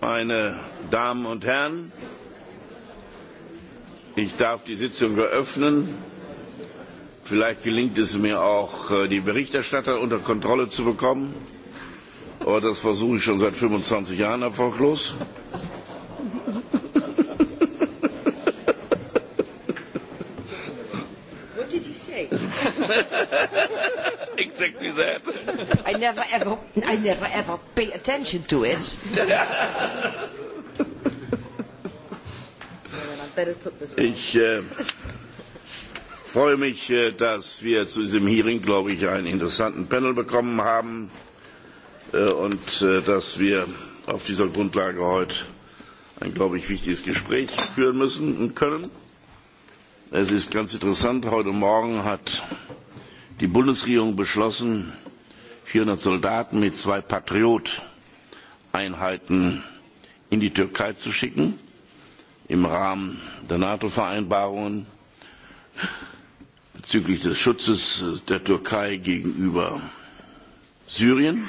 meine Damen und Herren, ich darf die Sitzung eröffnen. Vielleicht gelingt es mir auch, die Berichterstatter unter Kontrolle zu bekommen. Aber das versuche ich schon seit 25 Jahren, erfolglos. What did you say? exactly that. I never ever, I never ever pay attention to it. Ich äh, freue mich, dass wir zu diesem Hearing, glaube ich, einen interessanten Panel bekommen haben äh, und äh, dass wir auf dieser Grundlage heute ein, glaube ich, wichtiges Gespräch führen müssen und können. Es ist ganz interessant, heute Morgen hat die Bundesregierung beschlossen, 400 Soldaten mit zwei Patriot-Einheiten in die Türkei zu schicken, im Rahmen der NATO-Vereinbarungen bezüglich des Schutzes der Türkei gegenüber Syrien.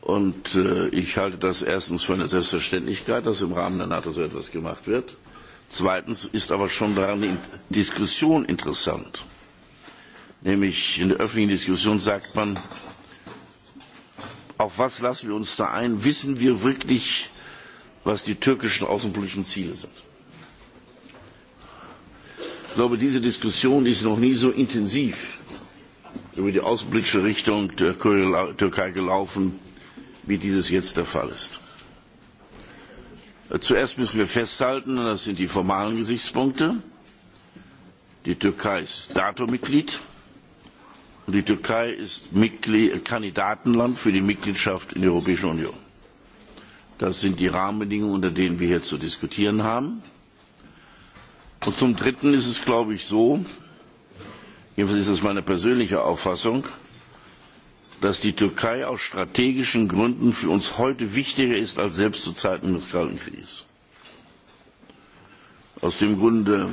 Und ich halte das erstens für eine Selbstverständlichkeit, dass im Rahmen der NATO so etwas gemacht wird. Zweitens ist aber schon daran die Diskussion interessant Nämlich in der öffentlichen Diskussion sagt man, auf was lassen wir uns da ein? Wissen wir wirklich, was die türkischen außenpolitischen Ziele sind? Ich glaube, diese Diskussion ist noch nie so intensiv über die außenpolitische Richtung der Türkei gelaufen, wie dies jetzt der Fall ist. Zuerst müssen wir festhalten, das sind die formalen Gesichtspunkte, die Türkei ist NATO-Mitglied. Und die Türkei ist Kandidatenland für die Mitgliedschaft in der Europäischen Union. Das sind die Rahmenbedingungen, unter denen wir hier zu diskutieren haben. Und zum Dritten ist es, glaube ich, so, jedenfalls ist das meine persönliche Auffassung, dass die Türkei aus strategischen Gründen für uns heute wichtiger ist als selbst zu Zeiten des Kalten Krieges. Aus dem Grunde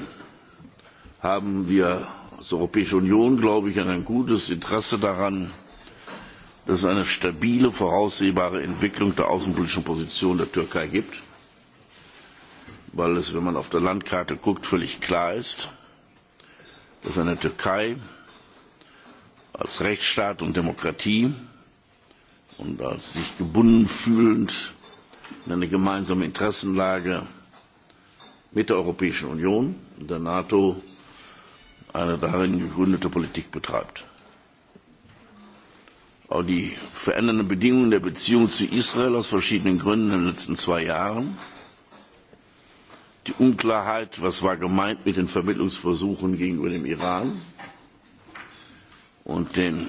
haben wir als Europäische Union, glaube ich, ein gutes Interesse daran, dass es eine stabile, voraussehbare Entwicklung der außenpolitischen Position der Türkei gibt, weil es, wenn man auf der Landkarte guckt, völlig klar ist, dass eine Türkei als Rechtsstaat und Demokratie und als sich gebunden fühlend in eine gemeinsame Interessenlage mit der Europäischen Union und der NATO eine darin gegründete Politik betreibt. Auch die verändernden Bedingungen der Beziehung zu Israel aus verschiedenen Gründen in den letzten zwei Jahren, die Unklarheit, was war gemeint mit den Vermittlungsversuchen gegenüber dem Iran und den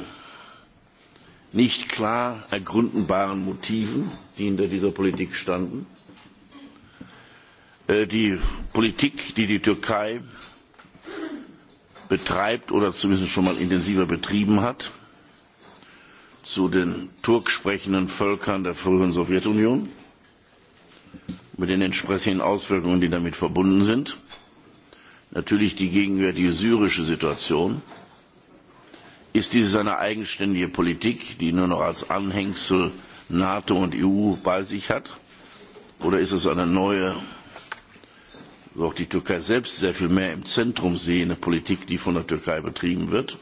nicht klar ergründbaren Motiven, die hinter dieser Politik standen, die Politik, die die Türkei betreibt oder zumindest schon mal intensiver betrieben hat zu den turksprechenden Völkern der früheren Sowjetunion mit den entsprechenden Auswirkungen, die damit verbunden sind. Natürlich die gegenwärtige syrische Situation. Ist dies eine eigenständige Politik, die nur noch als Anhängsel NATO und EU bei sich hat? Oder ist es eine neue auch die Türkei selbst sehr viel mehr im Zentrum sehe in der Politik, die von der Türkei betrieben wird.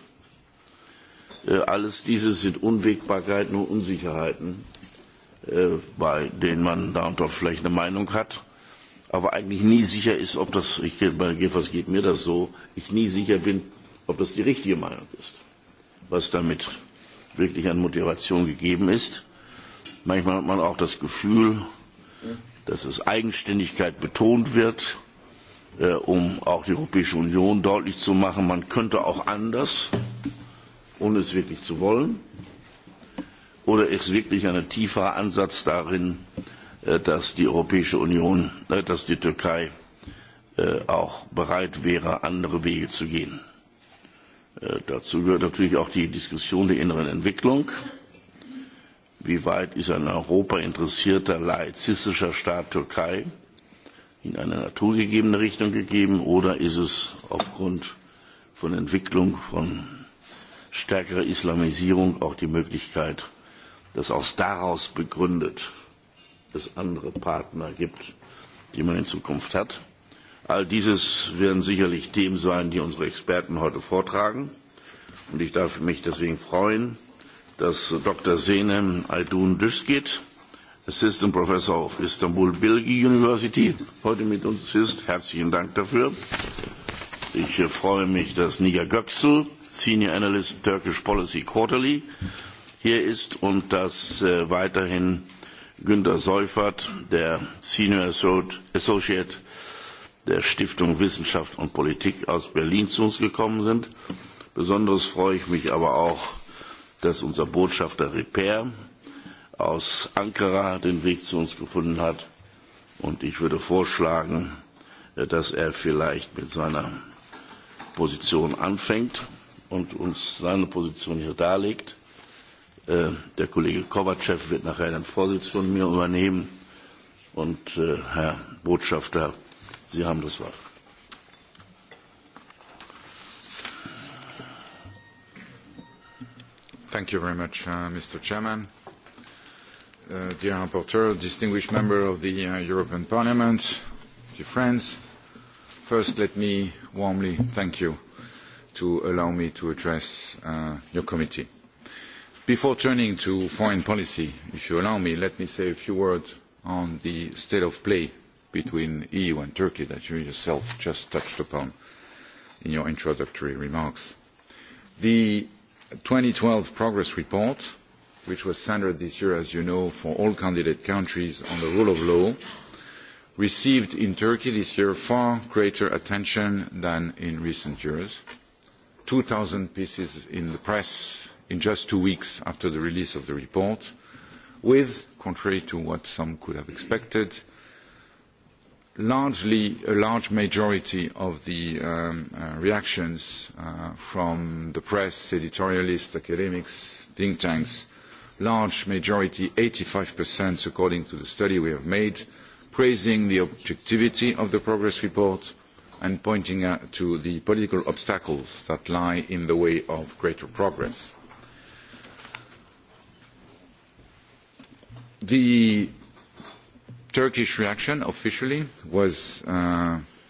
Alles dieses sind Unwägbarkeiten und Unsicherheiten, bei denen man da und dort vielleicht eine Meinung hat, aber eigentlich nie sicher ist, ob das, ich, bei Gefas geht mir das so, ich nie sicher bin, ob das die richtige Meinung ist, was damit wirklich an Motivation gegeben ist. Manchmal hat man auch das Gefühl, dass es Eigenständigkeit betont wird, um auch die Europäische Union deutlich zu machen, man könnte auch anders, ohne es wirklich zu wollen. Oder ist wirklich ein tiefer Ansatz darin, dass die Europäische Union, dass die Türkei auch bereit wäre, andere Wege zu gehen? Dazu gehört natürlich auch die Diskussion der inneren Entwicklung. Wie weit ist ein Europa interessierter laizistischer Staat Türkei? in eine naturgegebene Richtung gegeben oder ist es aufgrund von Entwicklung, von stärkerer Islamisierung auch die Möglichkeit, dass aus daraus begründet es andere Partner gibt, die man in Zukunft hat. All dieses werden sicherlich Themen sein, die unsere Experten heute vortragen. Und ich darf mich deswegen freuen, dass Dr. Senem Aldun geht. Assistant Professor of Istanbul Bilgi University, heute mit uns ist. Herzlichen Dank dafür. Ich freue mich, dass Nigar Göksel, Senior Analyst Turkish Policy Quarterly, hier ist und dass weiterhin Günter Seufert, der Senior Associate der Stiftung Wissenschaft und Politik aus Berlin zu uns gekommen sind. Besonders freue ich mich aber auch, dass unser Botschafter Repair aus Ankara den Weg zu uns gefunden hat. Und ich würde vorschlagen, dass er vielleicht mit seiner Position anfängt und uns seine Position hier darlegt. Der Kollege Kovacev wird nachher den Vorsitz von mir übernehmen. Und Herr Botschafter, Sie haben das Wort. Thank you very much, Mr. Chairman dear rapporteur, distinguished member of the European Parliament, dear friends, first let me warmly thank you to allow me to address your committee. Before turning to foreign policy, if you allow me, let me say a few words on the state of play between the EU and Turkey that you yourself just touched upon in your introductory remarks. The twelve Progress Report which was standard this year, as you know, for all candidate countries on the rule of law, received in Turkey this year far greater attention than in recent years. Two thousand pieces in the press in just two weeks after the release of the report, with, contrary to what some could have expected, largely a large majority of the reactions from the press, editorialists, academics, think tanks, large majority, eighty 85% according to the study we have made, praising the objectivity of the progress report and pointing out to the political obstacles that lie in the way of greater progress. The Turkish reaction officially was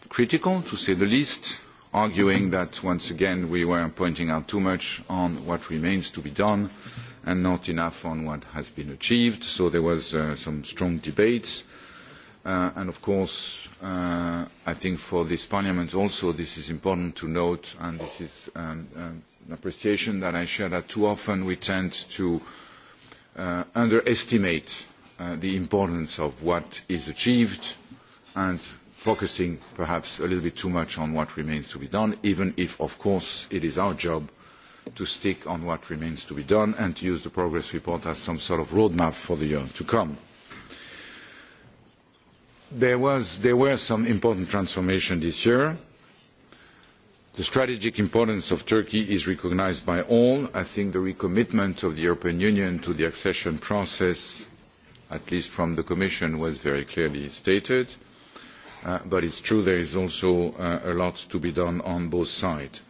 critical, to say the least, arguing that once again we were pointing out too much on what remains to be done and not enough on what has been achieved. So there was uh, some strong debates. Uh, and of course, uh, I think for this Parliament also this is important to note, and this is um, um, an appreciation that I share that too often we tend to uh, underestimate uh, the importance of what is achieved and focusing perhaps a little bit too much on what remains to be done, even if, of course, it is our job to stick on what remains to be done and to use the progress report as some sort of roadmap for the year to come. There were some important transformations this year. The strategic importance of Turkey is recognised by all. I think the recommitment of the European Union to the accession process, at least from the Commission, was very clearly stated. But it is true there is also a lot to be done on both sides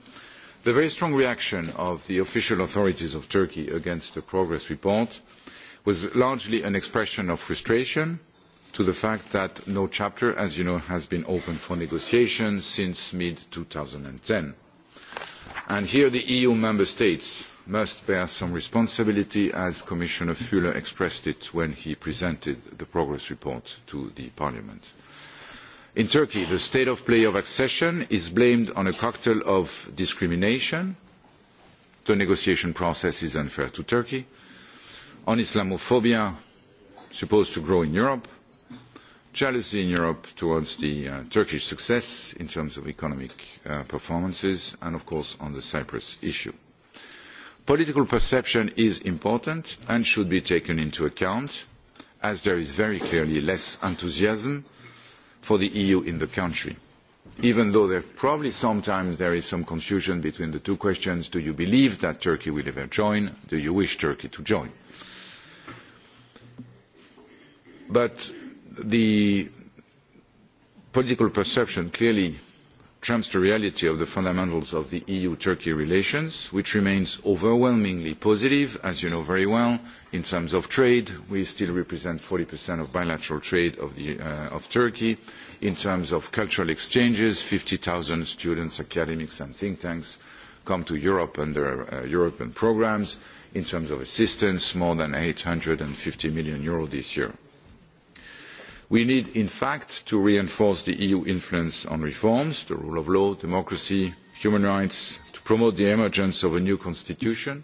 the very strong reaction of the official authorities of Turkey against the progress report was largely an expression of frustration to the fact that no chapter, as you know, has been opened for negotiation since mid-2010. And here the EU member states must bear some responsibility, as Commissioner Fuller expressed it when he presented the progress report to the Parliament. In Turkey, the state of play of accession is blamed on a cocktail of discrimination. The negotiation process is unfair to Turkey. On Islamophobia, supposed to grow in Europe. Jealousy in Europe towards the Turkish success in terms of economic performances, and of course on the Cyprus issue. Political perception is important and should be taken into account, as there is very clearly less enthusiasm for the EU in the country. Even though there probably sometimes there is some confusion between the two questions, do you believe that Turkey will ever join? Do you wish Turkey to join? But the political perception clearly trumps the reality of the fundamentals of the EU-Turkey relations, which remains overwhelmingly positive, as you know very well. In terms of trade, we still represent 40% of bilateral trade of, Turkey. In terms of cultural exchanges, fifty 50,000 students, academics and think tanks come to Europe under European programmes. In terms of assistance, more than EUR eight hundred and fifty million this year. We need, in fact, to reinforce the EU influence on reforms, the rule of law, democracy, human rights, to promote the emergence of a new constitution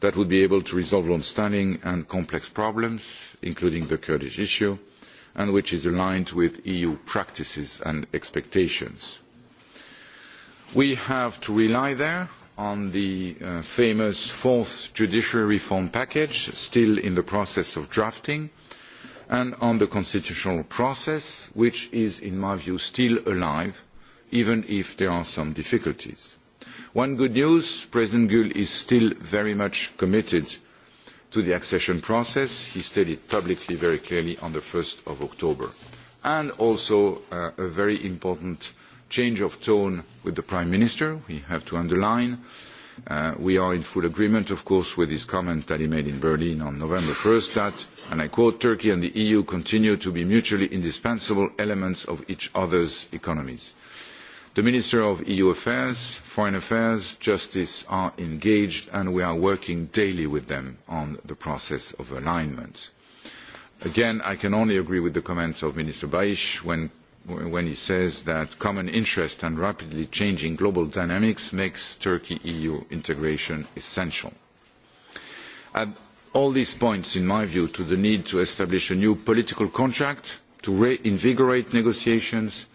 that would be able to resolve long-standing and complex problems, including the Kurdish issue, and which is aligned with EU practices and expectations. We have to rely there on the famous fourth judiciary reform package, still in the process of drafting, and on the constitutional process, which is, in my view, still alive, even if there are some difficulties. One good news, President Gül is still very much committed to the accession process. He stated publicly very clearly on the 1st of October. And also a very important change of tone with the Prime Minister, we have to underline, uh, we are in full agreement, of course, with his comment that he made in Berlin on November 1st that, and I quote, Turkey and the EU continue to be mutually indispensable elements of each other's economies. The Minister of EU Affairs, Foreign Affairs, Justice are engaged and we are working daily with them on the process of alignment. Again, I can only agree with the comments of Minister Baish when when he says that common interest and rapidly changing global dynamics makes Turkey-EU integration essential. Add all these points, in my view, to the need to establish a new political contract to reinvigorate negotiations,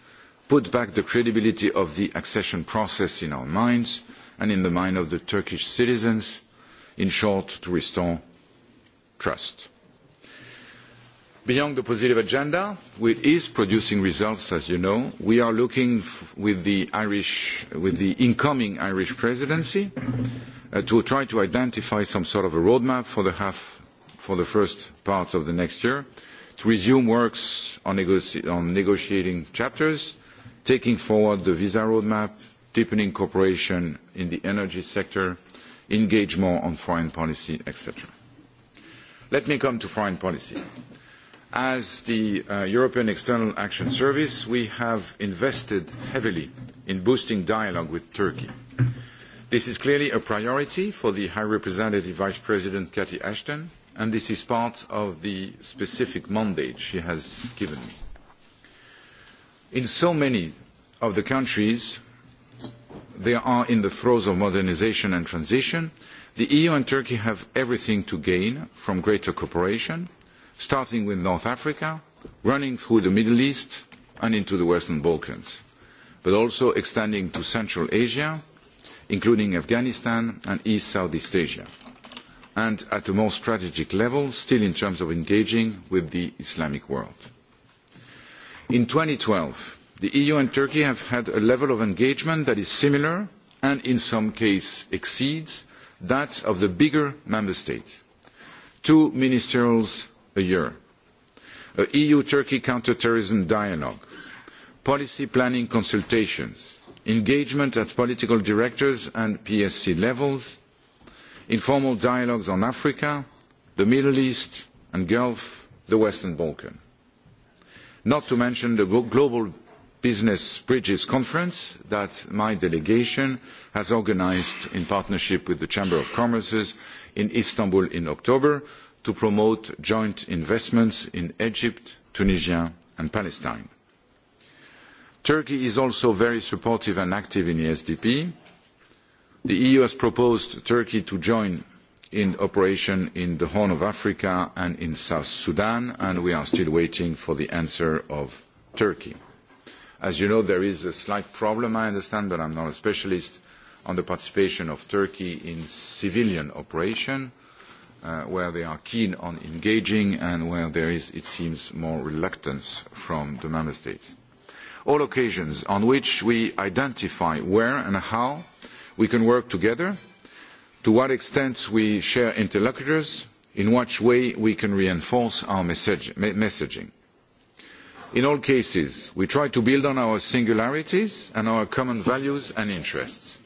put back the credibility of the accession process in our minds and in the mind of the Turkish citizens, in short, to restore trust. Beyond the positive agenda, which is producing results, as you know, we are looking with the incoming Irish presidency to try to identify some sort of a roadmap for the first part of the next year, to resume works on negotiating chapters, taking forward the visa roadmap, deepening cooperation in the energy sector, engage more on foreign policy, etc. Let me come to foreign policy As the European External Action Service, we have invested heavily in boosting dialogue with Turkey. This is clearly a priority for the High Representative Vice President Cathy Ashton, and this is part of the specific mandate she has given me. In so many of the countries, they are in the throes of modernisation and transition. The EU and Turkey have everything to gain from greater cooperation – starting with North Africa, running through the Middle East and into the Western Balkans, but also extending to Central Asia, including Afghanistan and East Southeast Asia, and at a more strategic level, still in terms of engaging with the Islamic world. In twelve, the EU and Turkey have had a level of engagement that is similar and in some cases exceeds that of the bigger member states. Two ministerial a year, an EU-Turkey counter-terrorism dialogue, policy planning consultations, engagement at political directors and PSC levels, informal dialogues on Africa, the Middle East and Gulf, the Western Balkans. Not to mention the Global Business Bridges Conference that my delegation has organised in partnership with the Chamber of Commerce in Istanbul in October, to promote joint investments in Egypt, Tunisia and Palestine. Turkey is also very supportive and active in ESDP. The EU has proposed Turkey to join in operation in the Horn of Africa and in South Sudan, and we are still waiting for the answer of Turkey. As you know, there is a slight problem, I understand, but I'm not a specialist, on the participation of Turkey in civilian operations where they are keen on engaging and where there is, it seems, more reluctance from the member states. All occasions on which we identify where and how we can work together, to what extent we share interlocutors, in what way we can reinforce our messaging. In all cases, we try to build on our singularities and our common values and interests.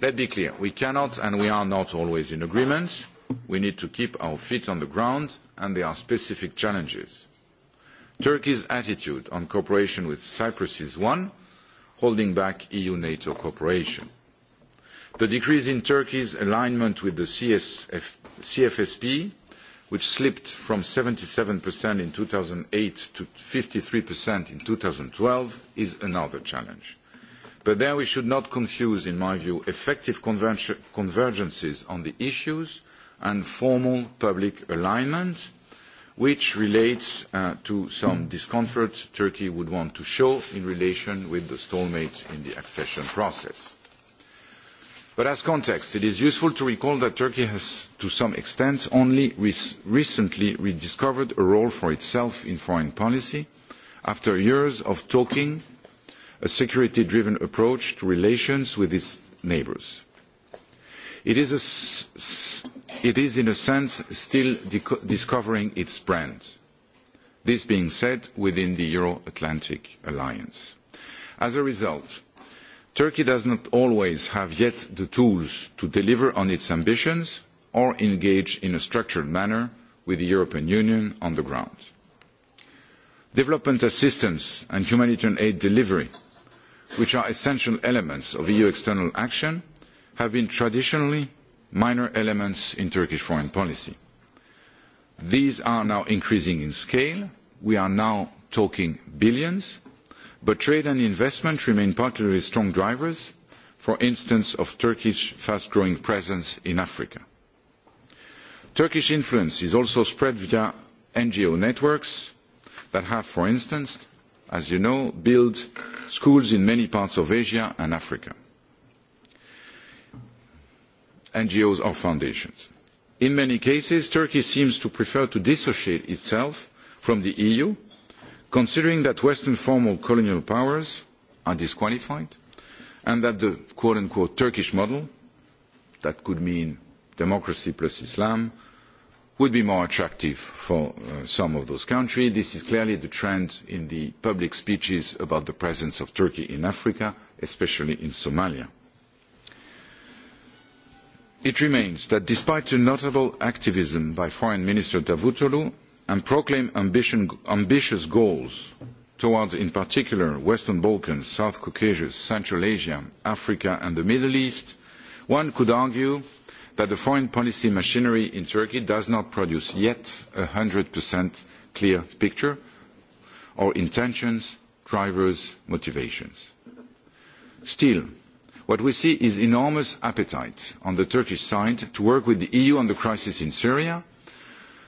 Let us be clear, we cannot and we are not always in agreement we need to keep our feet on the ground, and there are specific challenges. Turkey's attitude on cooperation with Cyprus is one, holding back EU-NATO cooperation. The decrease in Turkey's alignment with the CFSP, which slipped from 77% in two thousand eight to fifty 53% in twelve, is another challenge. But there we should not confuse, in my view, effective convergences on the issues and formal public alignment, which relates to some discomfort Turkey would want to show in relation with the stalemate in the accession process. But as context, it is useful to recall that Turkey has, to some extent, only recently rediscovered a role for itself in foreign policy after years of talking a security-driven approach to relations with its neighbours. It is, in a sense, still discovering its brand. This being said, within the Euro-Atlantic Alliance. As a result, Turkey does not always have yet the tools to deliver on its ambitions or engage in a structured manner with the European Union on the ground. Development assistance and humanitarian aid delivery, which are essential elements of EU external action, have been traditionally minor elements in Turkish foreign policy. These are now increasing in scale. We are now talking billions, but trade and investment remain particularly strong drivers, for instance, of Turkish fast-growing presence in Africa. Turkish influence is also spread via NGO networks that have, for instance, as you know, built schools in many parts of Asia and Africa. NGOs or foundations. In many cases, Turkey seems to prefer to dissociate itself from the EU, considering that Western formal colonial powers are disqualified and that the quote unquote Turkish model, that could mean democracy plus Islam, would be more attractive for some of those countries. This is clearly the trend in the public speeches about the presence of Turkey in Africa, especially in Somalia. It remains that despite the notable activism by Foreign Minister Davutoglu and proclaimed ambitious goals towards, in particular, Western Balkans, South Caucasus, Central Asia, Africa and the Middle East, one could argue that the foreign policy machinery in Turkey does not produce yet a 100% clear picture or intentions, drivers, motivations. Still, What we see is enormous appetite on the Turkish side to work with the EU on the crisis in Syria,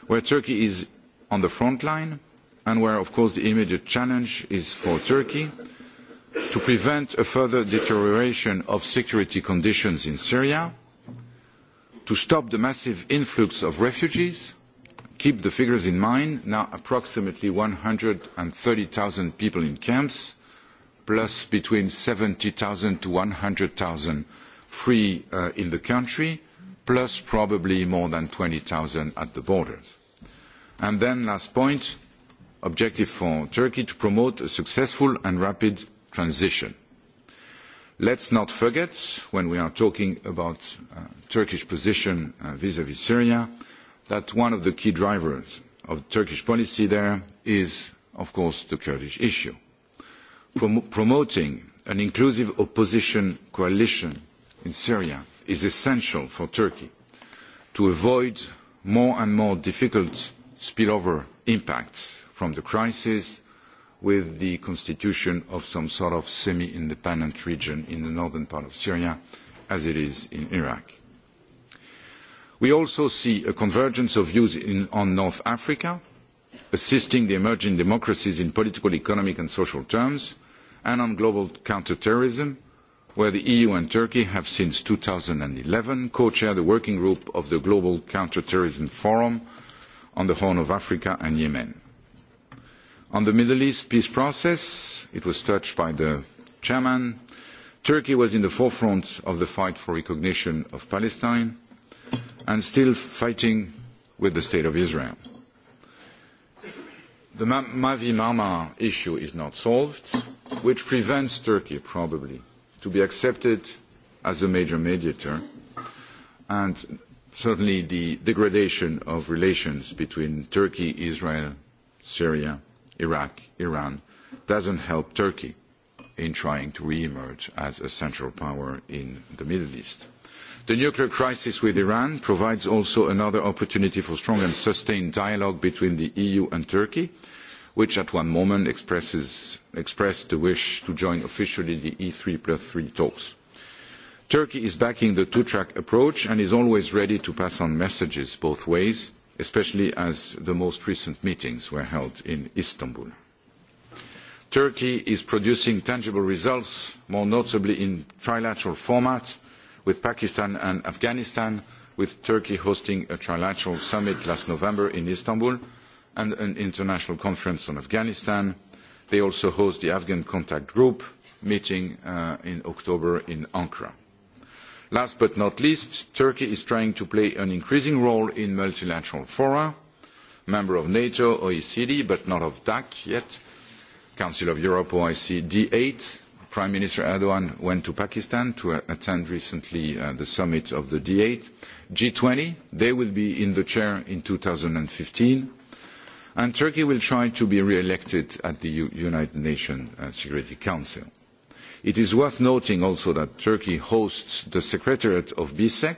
where Turkey is on the front line, and where, of course, the immediate challenge is for Turkey to prevent a further deterioration of security conditions in Syria, to stop the massive influx of refugees. Keep the figures in mind, now approximately one hundred and thirty 130,000 people in camps, plus between 70,000 to 100,000 free in the country, plus probably more than 20,000 at the borders. And then last point, objective for Turkey to promote a successful and rapid transition. Let's not forget, when we are talking about Turkish position vis-à-vis Syria, that one of the key drivers of Turkish policy there is, of course, the Kurdish issue promoting an inclusive opposition coalition in Syria is essential for Turkey to avoid more and more difficult spillover impacts from the crisis with the constitution of some sort of semi-independent region in the northern part of Syria, as it is in Iraq. We also see a convergence of views on North Africa, assisting the emerging democracies in political, economic and social terms, and on global counterterrorism, where the EU and Turkey have since eleven co-chaired the working group of the Global Counterterrorism Forum on the Horn of Africa and Yemen. On the Middle East peace process, it was touched by the chairman, Turkey was in the forefront of the fight for recognition of Palestine and still fighting with the State of Israel. The Mavi Marmara issue is not solved which prevents Turkey, probably, to be accepted as a major mediator, and certainly the degradation of relations between Turkey, Israel, Syria, Iraq, Iran, doesn't help Turkey in trying to re-emerge as a central power in the Middle East. The nuclear crisis with Iran provides also another opportunity for strong and sustained dialogue between the EU and Turkey, which at one moment expressed the wish to join officially the e three plus three talks. Turkey is backing the two-track approach and is always ready to pass on messages both ways, especially as the most recent meetings were held in Istanbul. Turkey is producing tangible results, more notably in trilateral format with Pakistan and Afghanistan, with Turkey hosting a trilateral summit last November in Istanbul, and an international conference on Afghanistan. They also host the Afghan Contact Group meeting in October in Ankara. Last but not least, Turkey is trying to play an increasing role in multilateral fora, member of NATO, OECD, but not of DAC yet, Council of Europe, OIC, D8. Prime Minister Erdogan went to Pakistan to attend recently the summit of the D8. G20, they will be in the chair in 2015 and Turkey will try to be re-elected at the United Nations Security Council. It is worth noting also that Turkey hosts the Secretariat of BSEC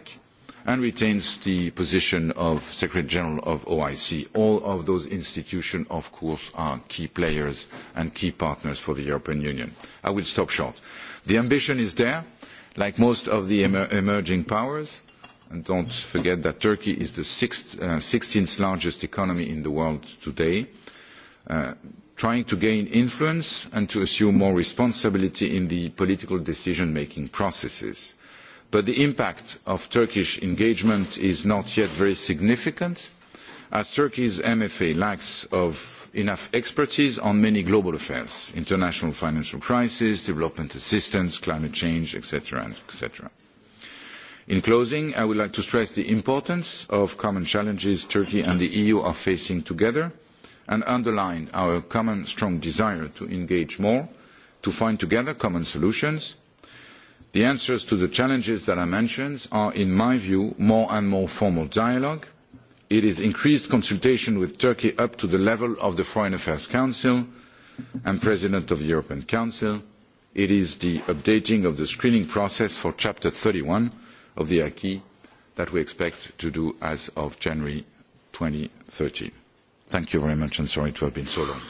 and retains the position of Secretary General of OIC. All of those institutions, of course, are key players and key partners for the European Union. I will stop short. The ambition is there, like most of the emerging powers Don't forget that Turkey is the sixteenth largest economy in the world today. Trying to gain influence and to assume more responsibility in the political decision-making processes. But the impact of Turkish engagement is not yet very significant, as Turkey's MFA lacks of enough expertise on many global affairs, international financial crisis, development assistance, climate change, etc., etc. In closing, I would like to stress the importance of common challenges Turkey and the EU are facing together and underline our common strong desire to engage more, to find together common solutions. The answers to the challenges that I mentioned are, in my view, more and more formal dialogue. It is increased consultation with Turkey up to the level of the Foreign Affairs Council and President of the European Council. It is the updating of the screening process for Chapter thirty one of the acquis that we expect to do as of January 2013. Thank you very much, and sorry to have been so long.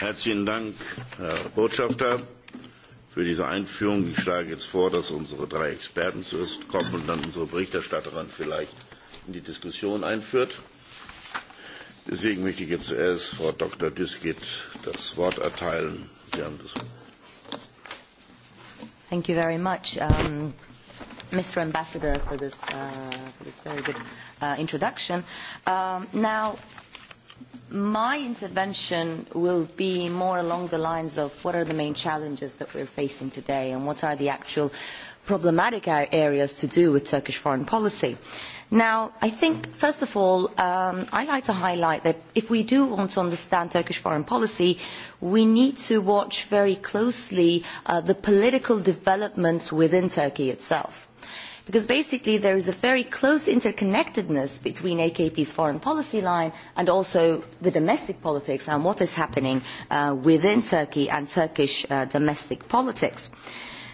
Herzlichen Dank, Herr Botschafter, für diese Einführung. Ich schlage jetzt vor, dass unsere drei Experten zuerst kommen und dann unsere Berichterstatterin vielleicht in die Diskussion einführt. Deswegen möchte ich jetzt zuerst Frau Dr. Diskett das Wort erteilen. Sie haben das Wort. Thank you very much. Mr. Ambassador, for this, uh, for this very good uh, introduction. Um, now, my intervention will be more along the lines of what are the main challenges that we're facing today and what are the actual problematic areas to do with Turkish foreign policy. Now, I think, first of all, um, I like to highlight that if we do want to understand Turkish foreign policy, we need to watch very closely uh, the political developments within Turkey itself because basically there is a very close interconnectedness between AKP's foreign policy line and also the domestic politics and what is happening within Turkey and Turkish domestic politics.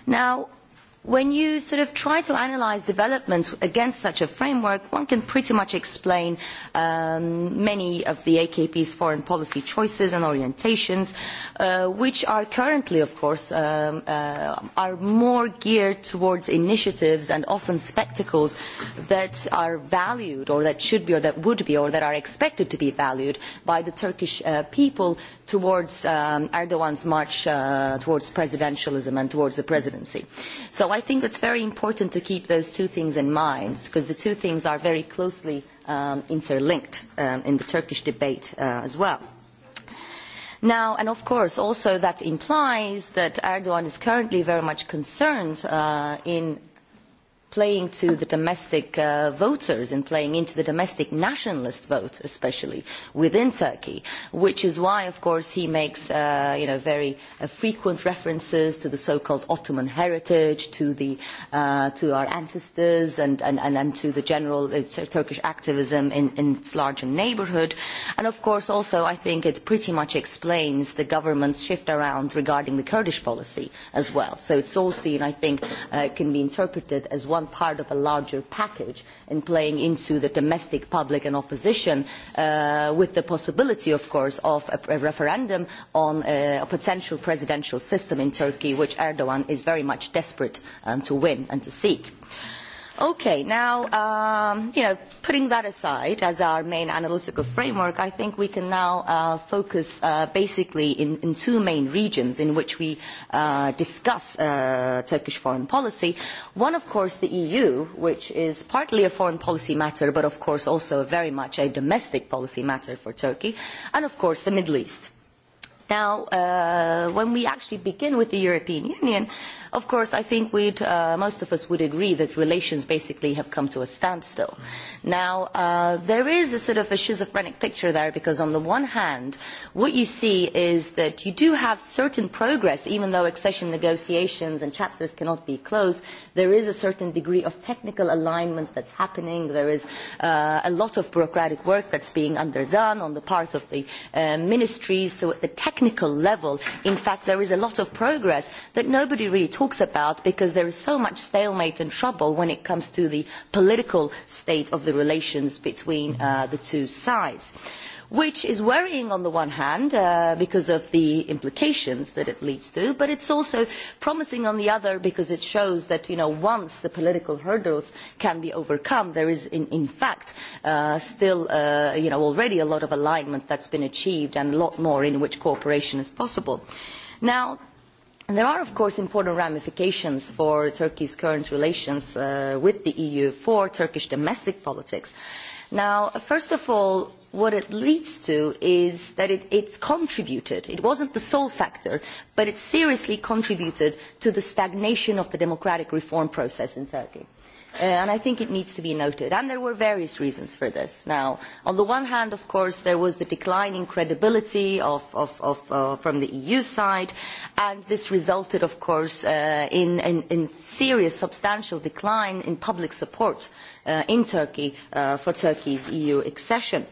Now, When you sort of try to analyse developments against such a framework, one can pretty much explain many of the AKP's foreign policy choices and orientations, which are currently, of course, are more geared towards initiatives and often spectacles that are valued or that should be or that would be or that are expected to be valued by the Turkish people towards Erdogan's march towards presidentialism and towards the presidency. So I think it's very important to keep those two things in mind because the two things are very closely interlinked in the Turkish debate as well. Now, and of course, also that implies that Erdogan is currently very much concerned in playing to the domestic voters and playing into the domestic nationalist vote, especially within Turkey, which is why, of course, he makes very frequent references to the so-called Ottoman heritage, to, the to our ancestors and, and and and to the general Turkish activism in, its larger neighbourhood. And, of course, also, I think it pretty much explains the government's shift around regarding the Kurdish policy as well. So it's all seen, I think, can be interpreted as one one part of a larger package and playing into the domestic public and opposition with the possibility, of course, of a referendum on a potential presidential system in Turkey, which Erdogan is very much desperate to win and to seek. Okay, now, um, you know, putting that aside as our main analytical framework, I think we can now uh, focus uh, basically in, in two main regions in which we uh, discuss uh, Turkish foreign policy. One, of course, the EU, which is partly a foreign policy matter, but of course also very much a domestic policy matter for Turkey, and of course the Middle East. Now, uh, when we actually begin with the European Union, Of course, I think we'd, uh, most of us would agree that relations basically have come to a standstill. Now, uh, there is a sort of a schizophrenic picture there because on the one hand, what you see is that you do have certain progress, even though accession negotiations and chapters cannot be closed, there is a certain degree of technical alignment that's happening. There is uh, a lot of bureaucratic work that's being underdone on the part of the uh, ministries. So at the technical level, in fact, there is a lot of progress that nobody really talks talks about because there is so much stalemate and trouble when it comes to the political state of the relations between the two sides which is worrying on the one hand because of the implications that it leads to, but it is also promising on the other because it shows that once the political hurdles can be overcome, there is in, fact still already a lot of alignment that has been achieved and a lot more in which cooperation is possible. Now, There are, of course, important ramifications for Turkey's current relations with the EU for Turkish domestic politics. Now, first of all, what it leads to is that it, it's contributed. It wasn't the sole factor, but it seriously contributed to the stagnation of the democratic reform process in Turkey and I think it needs to be noted. And there were various reasons for this. Now, on the one hand, of course, there was the decline in credibility from the EU side, and this resulted, of course, in, serious, substantial decline in public support in Turkey for Turkey's EU accession.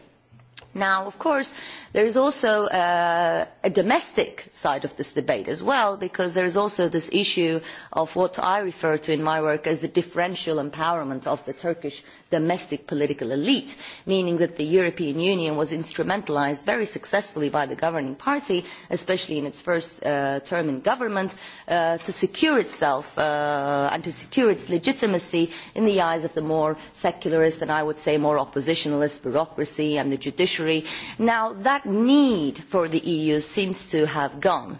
Now, of course, there is also a domestic side of this debate as well, because there is also this issue of what I refer to in my work as the differential empowerment of the Turkish domestic political elite, meaning that the European Union was instrumentalised very successfully by the governing party, especially in its first term in government, to secure itself and to secure its legitimacy in the eyes of the more secularist and I would say more oppositionalist bureaucracy and the judiciary century. Now, that need for the EU seems to have gone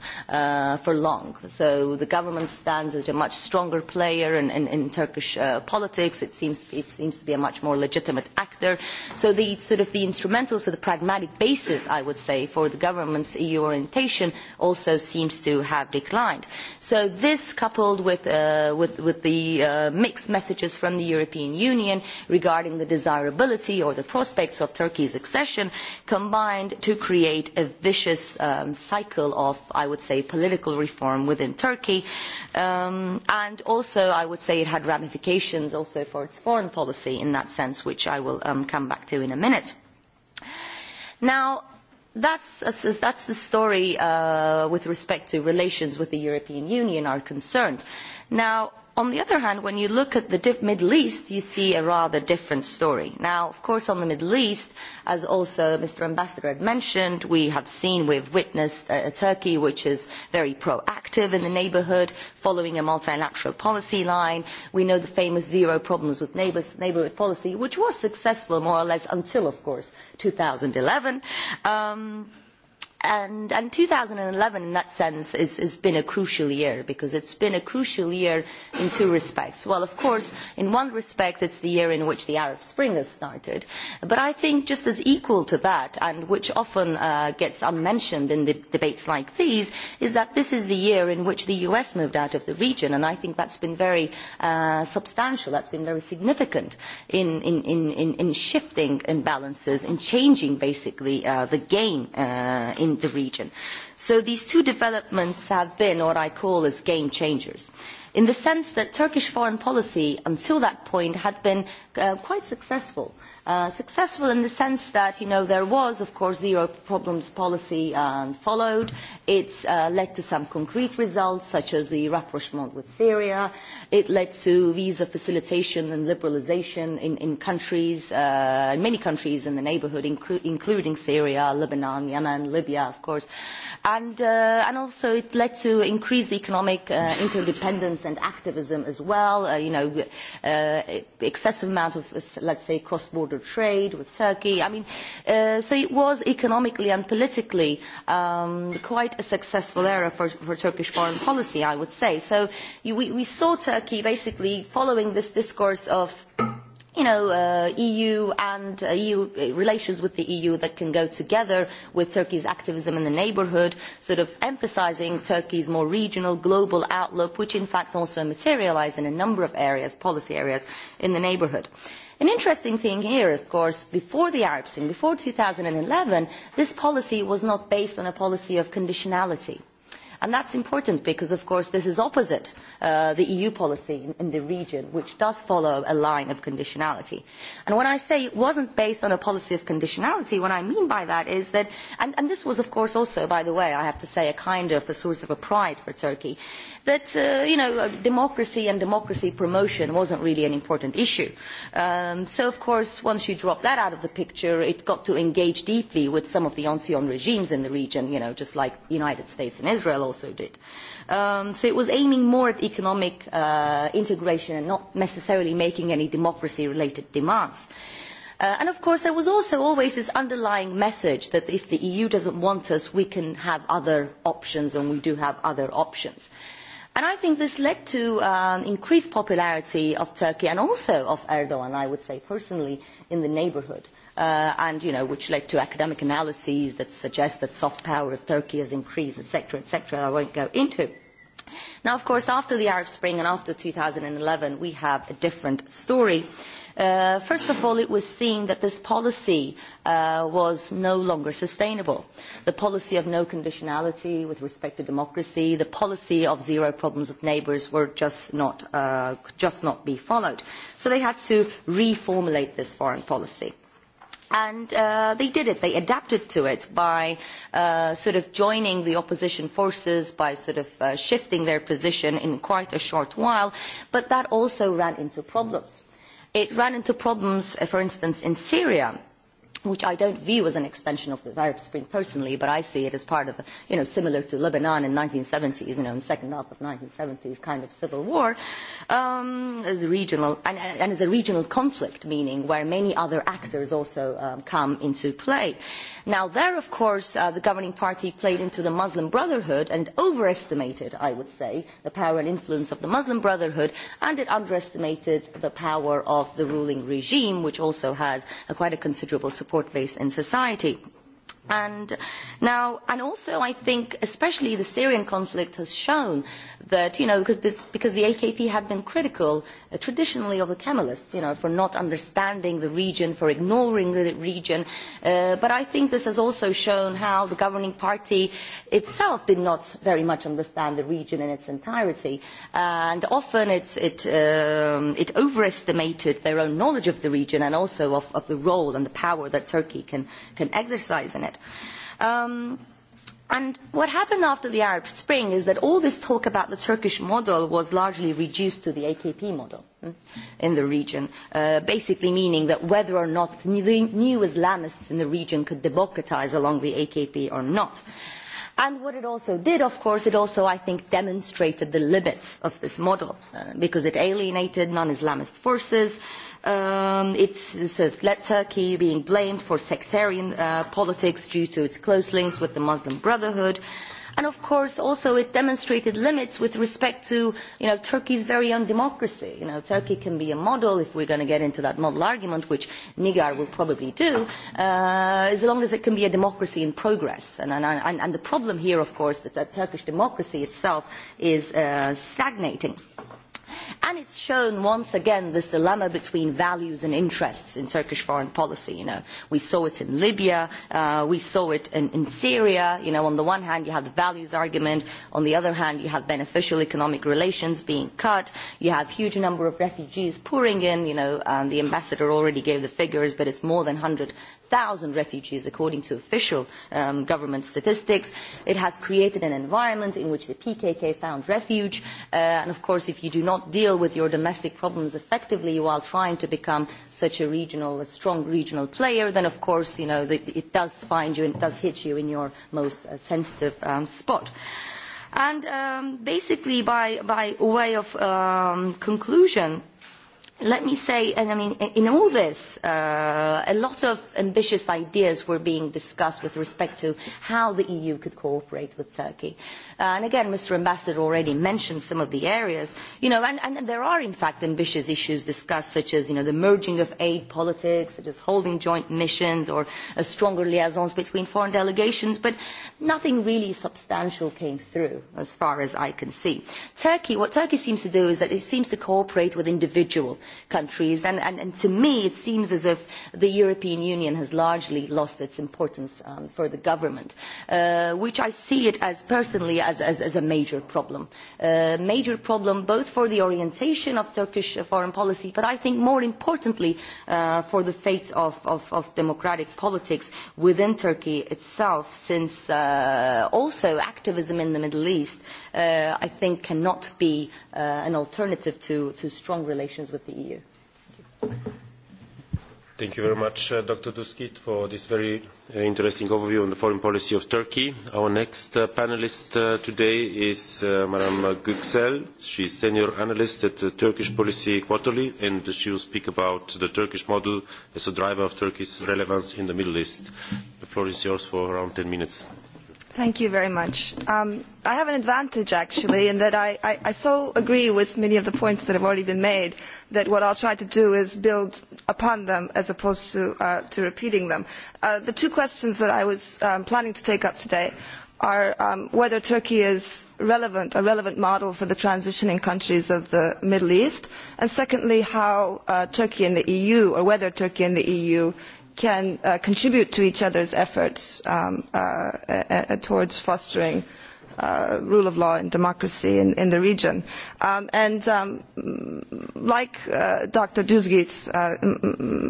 for long. So the government stands as a much stronger player in, in, in Turkish politics. It seems, it seems to be a much more legitimate actor. So the sort of the instrumental, so the pragmatic basis, I would say, for the government's EU orientation also seems to have declined. So this, coupled with, uh, with, with the uh, mixed messages from the European Union regarding the desirability or the prospects of Turkey's accession, combined to create a vicious cycle of, I would say, political reform within Turkey. and also, I would say it had ramifications also for its foreign policy in that sense, which I will come back to in a minute. Now, that's, that's the story with respect to relations with the European Union are concerned. Now, On the other hand, when you look at the Middle East, you see a rather different story. Now, of course, on the Middle East, as also Mr. Ambassador had mentioned, we have seen, we have witnessed a, Turkey which is very proactive in the neighbourhood, following a multilateral policy line. We know the famous zero problems with neighbors, neighbourhood policy, which was successful more or less until, of course, 2011. eleven And, and 2011, in that sense, is, has been a crucial year because it's been a crucial year in two respects. Well, of course, in one respect, it's the year in which the Arab Spring has started. But I think just as equal to that, and which often uh, gets unmentioned in the debates like these, is that this is the year in which the US moved out of the region. And I think that's been very uh, substantial, that's been very significant in, in, in, in shifting imbalances, in changing basically uh, the game uh, in the region. So these two developments have been what I call as game changers in the sense that Turkish foreign policy until that point had been quite successful. successful in the sense that there was, of course, zero problems policy followed. It led to some concrete results, such as the rapprochement with Syria. It led to visa facilitation and liberalisation in, countries, in many countries in the neighbourhood, including Syria, Lebanon, Yemen, Libya, of course and, also it led to increased economic interdependence and activism as well, you know, excessive amount of, let's say, cross-border trade with Turkey. I mean, so it was economically and politically um quite a successful era for, for Turkish foreign policy, I would say. So we, we saw Turkey basically following this discourse of you know, uh, EU and uh, EU relations with the EU that can go together with Turkey's activism in the neighbourhood, sort of emphasising Turkey's more regional, global outlook, which in fact also materialised in a number of areas, policy areas in the neighbourhood. An interesting thing here, of course, before the Arab Spring, before eleven, this policy was not based on a policy of conditionality And that is important because, of course, this is opposite the EU policy in, the region, which does follow a line of conditionality. And when I say it was not based on a policy of conditionality, what I mean by that is that, and, and this was, of course, also, by the way, I have to say, a kind of a source of a pride for Turkey, that you know democracy and democracy promotion wasn't really an important issue. so of course, once you drop that out of the picture, it got to engage deeply with some of the ancien regimes in the region, you know, just like the United States and Israel also did. so it was aiming more at economic uh integration and not necessarily making any democracy-related demands and of course, there was also always this underlying message that if the EU doesn't want us, we can have other options, and we do have other options. Uh, And I think this led to um, increased popularity of Turkey and also of Erdogan, I would say personally, in the neighbourhood. Uh, and, you know, which led to academic analyses that suggest that soft power of Turkey has increased, etc., etc., I won't go into. Now, of course, after the Arab Spring and after 2011, we have a different story first of all, it was seen that this policy was no longer sustainable. The policy of no conditionality with respect to democracy, the policy of zero problems with neighbours were just not, uh, could just not be followed. So they had to reformulate this foreign policy and they did it. They adapted to it by sort of joining the opposition forces, by sort of shifting their position in quite a short while. But that also ran into problems it ran into problems, for instance, in Syria which I don't view as an extension of the Arab Spring personally, but I see it as part of, you know, similar to Lebanon in 1970s, you know, in the second half of 1970s kind of civil war, um, as a regional, and, and as a regional conflict, meaning where many other actors also um, come into play. Now, there, of course, uh, the governing party played into the Muslim Brotherhood and overestimated, I would say, the power and influence of the Muslim Brotherhood, and it underestimated the power of the ruling regime, which also has a, quite a considerable support support base in society And now, and also, I think, especially the Syrian conflict has shown that, you know, because, because the AKP had been critical uh, traditionally of the Kemalists, you know, for not understanding the region, for ignoring the region. Uh, but I think this has also shown how the governing party itself did not very much understand the region in its entirety. And often it's, it, um, it overestimated their own knowledge of the region and also of, of the role and the power that Turkey can, can exercise in it said. Um, And what happened after the Arab Spring is that all this talk about the Turkish model was largely reduced to the AKP model in the region, uh, basically meaning that whether or not the new Islamists in the region could democratize along the AKP or not. And what it also did, of course, it also, I think, demonstrated the limits of this model, uh, because it alienated non-Islamist forces, uh, it's let Turkey being blamed for sectarian politics due to its close links with the Muslim Brotherhood. And of course, also it demonstrated limits with respect to Turkey's very own democracy. Turkey can be a model if we are going to get into that model argument, which Nigar will probably do, uh as long as it can be a democracy in progress. And, the problem here, of course, is that, Turkish democracy itself is uh stagnating. And it has shown once again this dilemma between values and interests in Turkish foreign policy. We saw it in Libya, we saw it in, Syria. on the one hand, you have the values argument. On the other hand, you have beneficial economic relations being cut. You have a huge number of refugees pouring in. the ambassador already gave the figures, but it is more than one hundred thousand refugees according to official government statistics. It has created an environment in which the PKK found refuge and of course if you do not deal with your domestic problems effectively while trying to become such a regional, a strong regional player then of course you know, it does find you and it does hit you in your most sensitive spot. And basically by, by way of conclusion, let me say, and I mean, in all this, uh, a lot of ambitious ideas were being discussed with respect to how the EU could cooperate with Turkey. Uh, and again, Mr. Ambassador already mentioned some of the areas, you know, and, and there are in fact ambitious issues discussed, such as, you know, the merging of aid politics, such as holding joint missions or a stronger liaisons between foreign delegations, but nothing really substantial came through as far as I can see. Turkey, what Turkey seems to do is that it seems to cooperate with individuals countries. And, and, and to me, it seems as if the European Union has largely lost its importance um, for the government, uh, which I see it as personally as, as, as a major problem. A major problem both for the orientation of Turkish foreign policy, but I think more importantly uh, for the fate of, of, of democratic politics within Turkey itself, since uh, also activism in the Middle East, uh, I think, cannot be uh, an alternative to, to strong relations with the the EU. Thank you very much, Dr. Duskit, for this very interesting overview on the foreign policy of Turkey. Our next panelist today is uh, Madam Güksel. She is senior analyst at the Turkish Policy Quarterly, and she will speak about the Turkish model as a driver of Turkey's relevance in the Middle East. The floor is yours for around 10 minutes. Thank you very much. Um, I have an advantage, actually, in that I, I, I so agree with many of the points that have already been made that what I'll try to do is build upon them as opposed to, uh, to repeating them. Uh, the two questions that I was um, planning to take up today are um, whether Turkey is relevant, a relevant model for the transitioning countries of the Middle East, and secondly, how uh, Turkey and the EU, or whether Turkey and the EU can contribute to each other's efforts towards fostering rule of law and democracy in, the region. and like Dr. Duzgic,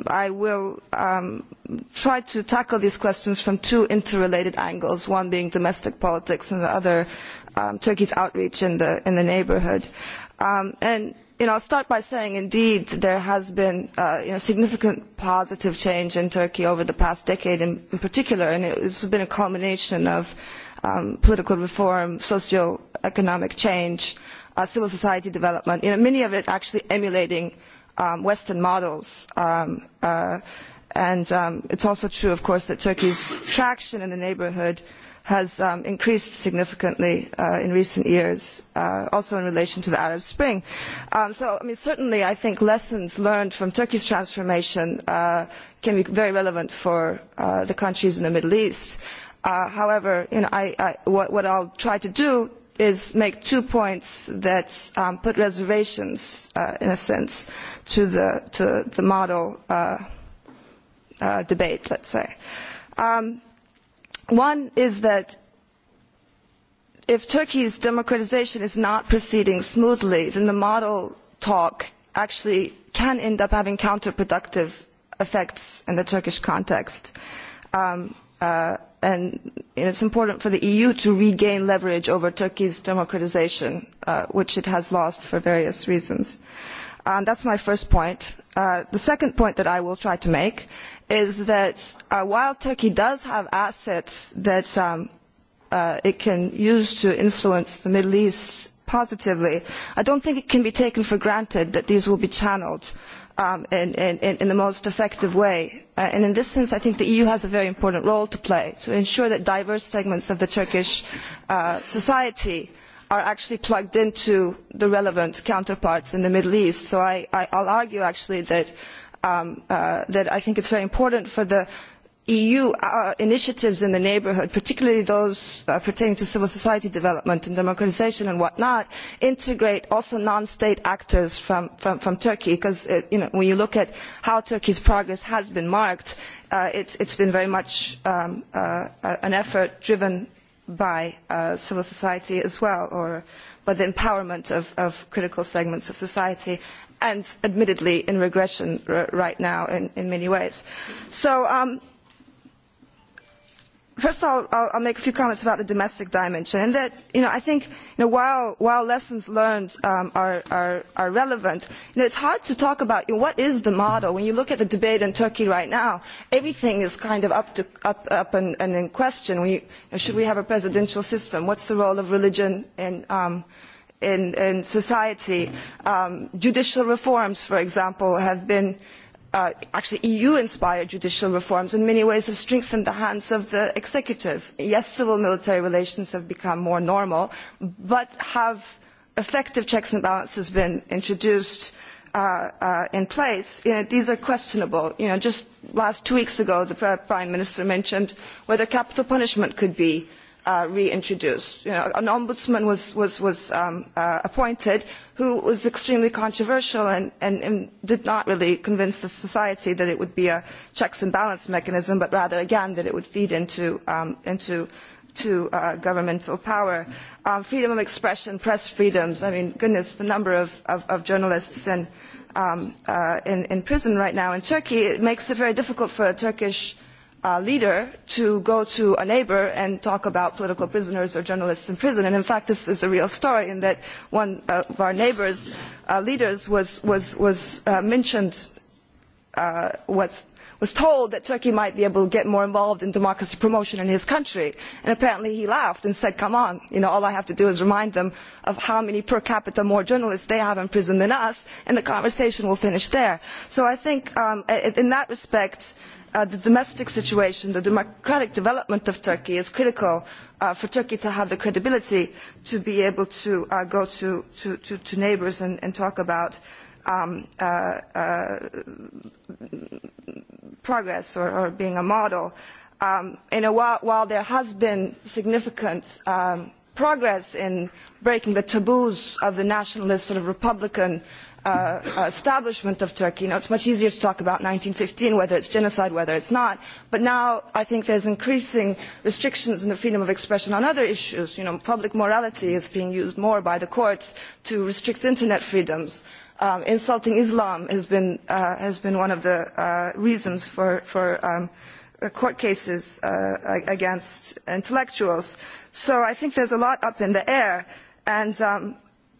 I will try to tackle these questions from two interrelated angles, one being domestic politics and the other Turkey's outreach in the, in the neighborhood. and I will start by saying indeed there has been significant positive change in Turkey over the past decade in, particular, and it has been a culmination of political reform, socio economic change, civil society development, many of it actually emulating Western models. and it is also true, of course, that Turkey's traction in the neighbourhood has increased significantly in recent years, also in relation to the Arab Spring. so, I mean certainly, I think lessons learned from Turkey's transformation can be very relevant for the countries in the Middle East. however, what, I, will try to do is make two points that put reservations, in a sense, to the, model debate, let us say One is that if Turkey's democratisation is not proceeding smoothly, then the model talk actually can end up having counterproductive effects in the Turkish context. and it is important for the EU to regain leverage over Turkey's democratisation, which it has lost for various reasons. Uh, and that is my first point. the second point that I will try to make is that while Turkey does have assets that it can use to influence the Middle East positively, I do not think it can be taken for granted that these will be channelled in, the most effective way. and in this sense, I think the EU has a very important role to play to ensure that diverse segments of the Turkish society are actually plugged into the relevant counterparts in the Middle East. So I, I, argue actually that, I think it is very important for the EU initiatives in the neighbourhood, particularly those pertaining to civil society development and democratisation and whatnot, integrate also non-state actors from, Turkey. Because when you look at how Turkey's progress has been marked, it has been very much an effort driven by civil society as well, or by the empowerment of, critical segments of society, and admittedly in regression right now in, many ways. So First of all, I'll, I'll make a few comments about the domestic dimension. And that, you know, I think, you know, while, while lessons learned um, are, are, are relevant, you know, it's hard to talk about you know, what is the model. When you look at the debate in Turkey right now, everything is kind of up, to, up, up and, and in question. We, you know, should we have a presidential system? What's the role of religion in, um, in, in society? Um, judicial reforms, for example, have been actually EU inspired judicial reforms in many ways have strengthened the hands of the executive. Yes, civil military relations have become more normal, but have effective checks and balances been introduced in place? these are questionable. just last two weeks ago, the Prime Minister mentioned whether capital punishment could be uh, reintroduced. an ombudsman was, appointed who was extremely controversial and, did not really convince the society that it would be a checks and balance mechanism, but rather, again, that it would feed into, governmental power. freedom of expression, press freedoms, I mean, goodness, the number of, journalists in, prison right now in Turkey, it makes it very difficult for a Turkish leader to go to a neighbour and talk about political prisoners or journalists in prison. And in fact, this is a real story in that one of our neighbours' leaders was, mentioned, was, was told that Turkey might be able to get more involved in democracy promotion in his country. And apparently he laughed and said, come on, you know, all I have to do is remind them of how many per capita more journalists they have in prison than us, and the conversation will finish there. So I think in that respect, the domestic situation, the democratic development of Turkey is critical for Turkey to have the credibility to be able to go to, to, to, to neighbors and, and talk about progress or, or being a model. while, there has been significant progress in breaking the taboos of the nationalist sort of republican uh, establishment of Turkey. Now, it's much easier to talk about fifteen, whether it's genocide, whether it's not. But now I think there's increasing restrictions in the freedom of expression on other issues. You know, public morality is being used more by the courts to restrict internet freedoms. insulting Islam has been, one of the reasons for, court cases against intellectuals. So I think there's a lot up in the air. And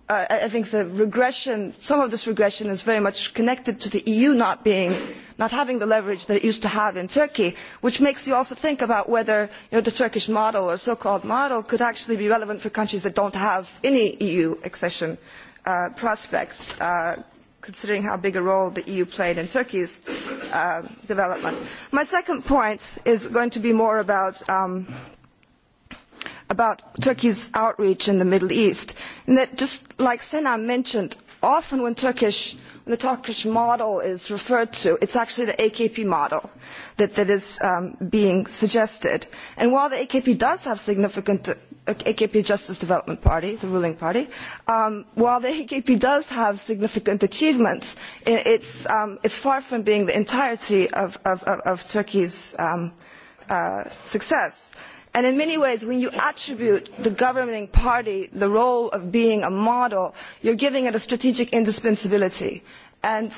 I think the regression, some of this regression is very much connected to the EU not being, not having the leverage that it used to have in Turkey, which makes you also think about whether the Turkish model or so-called model could actually be relevant for countries that don't have any EU accession prospects, considering how big a role the EU played in Turkey's development. My second point is going to be more about about Turkey's outreach in the Middle East. And that just like Sena mentioned, often when Turkish the Turkish model is referred to, it is actually the AKP model that, is being suggested. And while the AKP does have significant, AKP Justice Development Party, the ruling party, while the AKP does have significant achievements, it, is far from being the entirety of, Turkey's success and in many ways when you attribute the governing party the role of being a model you are giving it a strategic indispensability and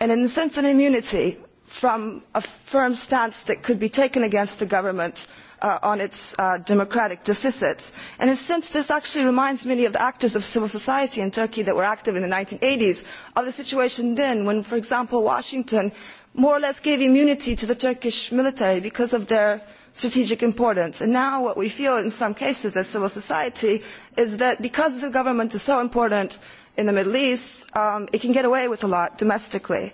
in a sense an immunity from a firm stance that could be taken against the government on its democratic deficits. in a sense this actually reminds many of the actors of civil society in turkey that were active in the one thousand nine hundred and eighty s of the situation then when for example washington more or less gave immunity to the turkish military because of their strategic importance. And now what we feel in some cases as civil society is that because the government is so important in the Middle East, it can get away with a lot domestically.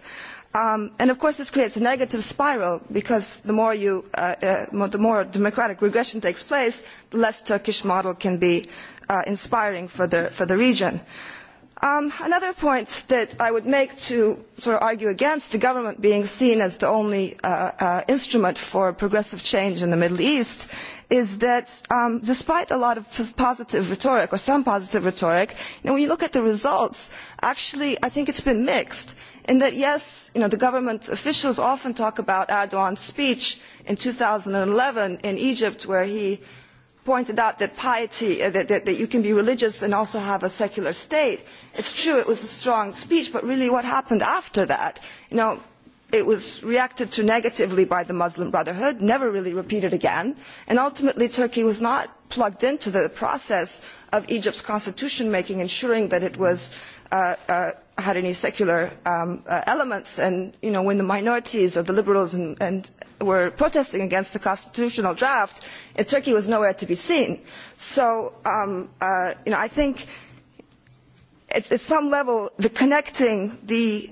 of course this creates a negative spiral because the more, you, the more democratic regression takes place, the less Turkish model can be inspiring for the, region another point that I would make to sort of argue against the government being seen as the only instrument for progressive change in the Middle East is that despite a lot of positive rhetoric or some positive rhetoric, when you look at the results, actually I think it has been mixed in that yes, the government officials often talk about Erdogan's speech in eleven in Egypt where he pointed out that piety, that, you can be religious and also have a secular state. It's true, it was a strong speech, but really what happened after that? You know, it was reacted to negatively by the Muslim Brotherhood, never really repeated again, and ultimately Turkey was not plugged into the process of Egypt's constitution making, ensuring that it was had any secular elements. And you know, when the minorities or the liberals and, and were protesting against the constitutional draft, Turkey was nowhere to be seen. So I think at, at some level, the connecting the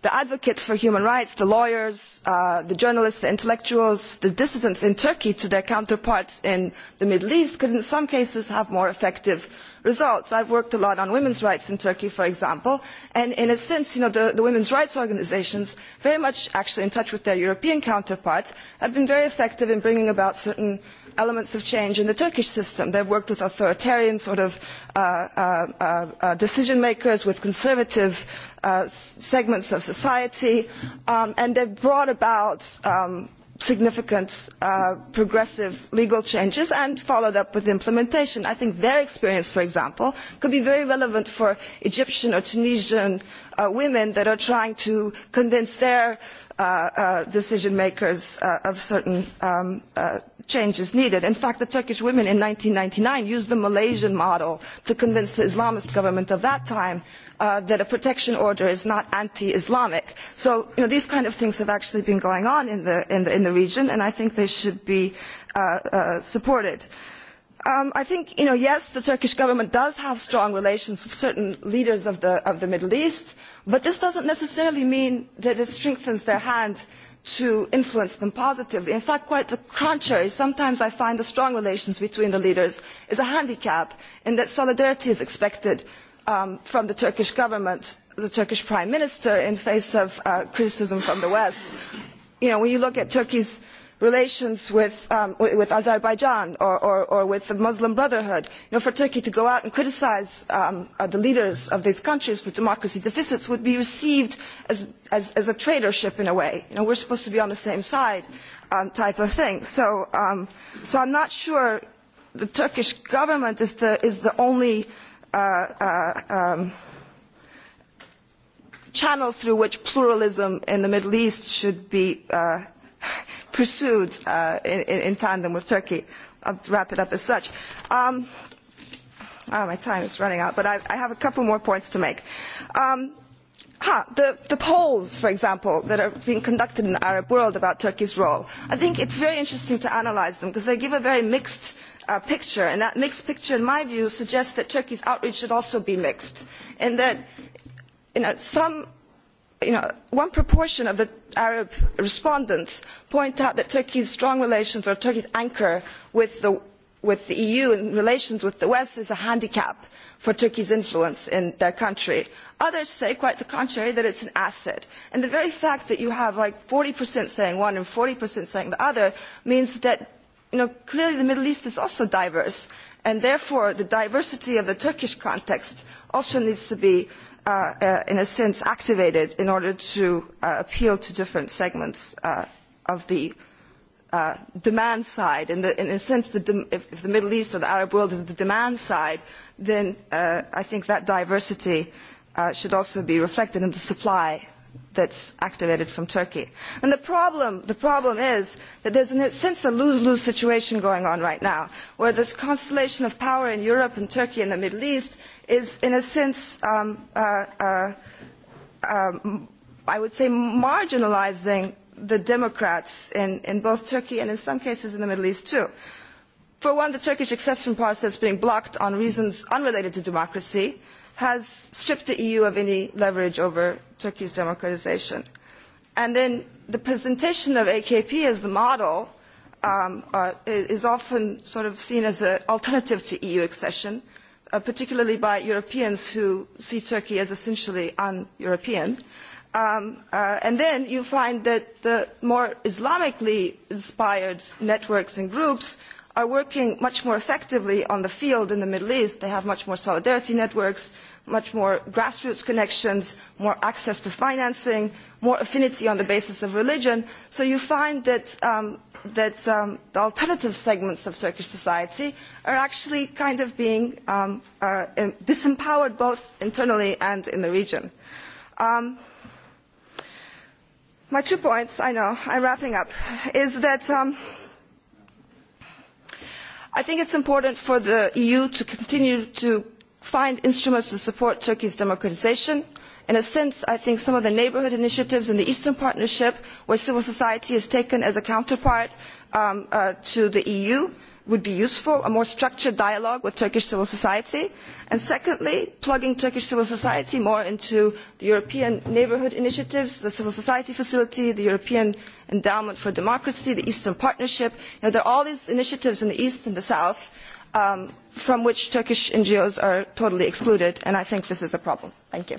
the advocates for human rights, the lawyers, the journalists, the intellectuals, the dissidents in Turkey to their counterparts in the Middle East could in some cases have more effective results. I have worked a lot on women's rights in Turkey, for example, and in a sense, the, women's rights organisations, very much actually in touch with their European counterparts, have been very effective in bringing about certain elements of change in the Turkish system. They have worked with authoritarian sort of decision makers, with conservative segments of society, and they have brought about significant progressive legal changes and followed up with implementation. I think their experience, for example, could be very relevant for Egyptian or Tunisian women that are trying to convince their decision makers of certain changes needed. In fact, the Turkish women in ninety nine used the Malaysian model to convince the Islamist government of that time that a protection order is not anti-Islamic. So these kind of things have actually been going on in the, in in the the region, and I think they should be supported. Uh, I think, yes, the Turkish government does have strong relations with certain leaders of the, Middle East, but this does not necessarily mean that it strengthens their hand to influence them positively. In fact, quite the contrary. Sometimes I find the strong relations between the leaders is a handicap in that solidarity is expected from the Turkish government, the Turkish Prime Minister, in face of criticism from the West. when you look at Turkey's relations with, Azerbaijan or, with the Muslim Brotherhood. for Turkey to go out and criticise the leaders of these countries for democracy deficits would be received as, a traitorship in a way. You know, we're supposed to be on the same side type of thing. So, um, so I'm not sure the Turkish government is the, is the only channel through which pluralism in the Middle East should be pursued in, tandem with Turkey. I'll wrap it up as such. Um, my time is running out, but I, I have a couple more points to make. Um, Huh, the, the polls, for example, that are being conducted in the Arab world about Turkey's role, I think it's very interesting to analyse them because they give a very mixed picture. And that mixed picture, in my view, suggests that Turkey's outreach should also be mixed. And that some one proportion of the Arab respondents point out that Turkey's strong relations or Turkey's anchor with the, EU and relations with the West is a handicap for Turkey's influence in their country. Others say quite the contrary, that it is an asset. And the very fact that you have like forty saying one and forty saying the other means that clearly the Middle East is also diverse. And therefore, the diversity of the Turkish context also needs to be in a sense, activated in order to appeal to different segments of the demand side. In, a sense, if, the Middle East or the Arab world is the demand side, then I think that diversity should also be reflected in the supply that's activated from Turkey. And the problem, the problem is that there's, in a sense, a lose-lose situation going on right now, where this constellation of power in Europe and Turkey and the Middle East is, in a sense, um, uh, uh, um, I would say marginalizing the democrats in, in both Turkey and in some cases in the Middle East too. For one, the Turkish accession process being blocked on reasons unrelated to democracy, has stripped the EU of any leverage over Turkey's democratisation. And then the presentation of AKP as the model is often sort of seen as an alternative to EU accession, particularly by Europeans who see Turkey as essentially un-European. and then you find that the more Islamically inspired networks and groups are working much more effectively on the field in the Middle East. They have much more solidarity networks much more grassroots connections, more access to financing, more affinity on the basis of religion. So you find that, the alternative segments of Turkish society are actually kind of being disempowered both internally and in the region. my two points, I know, I am wrapping up, is that I think it is important for the EU to continue to find instruments to support Turkey's democratisation. In a sense, I think some of the neighbourhood initiatives in the Eastern Partnership, where civil society is taken as a counterpart to the EU, would be useful, a more structured dialogue with Turkish civil society. And secondly, plugging Turkish civil society more into the European neighbourhood initiatives, the civil society facility, the European Endowment for Democracy, the Eastern Partnership. there are all these initiatives in the East and the South from which Turkish NGOs are totally excluded, and I think this is a problem. Thank you.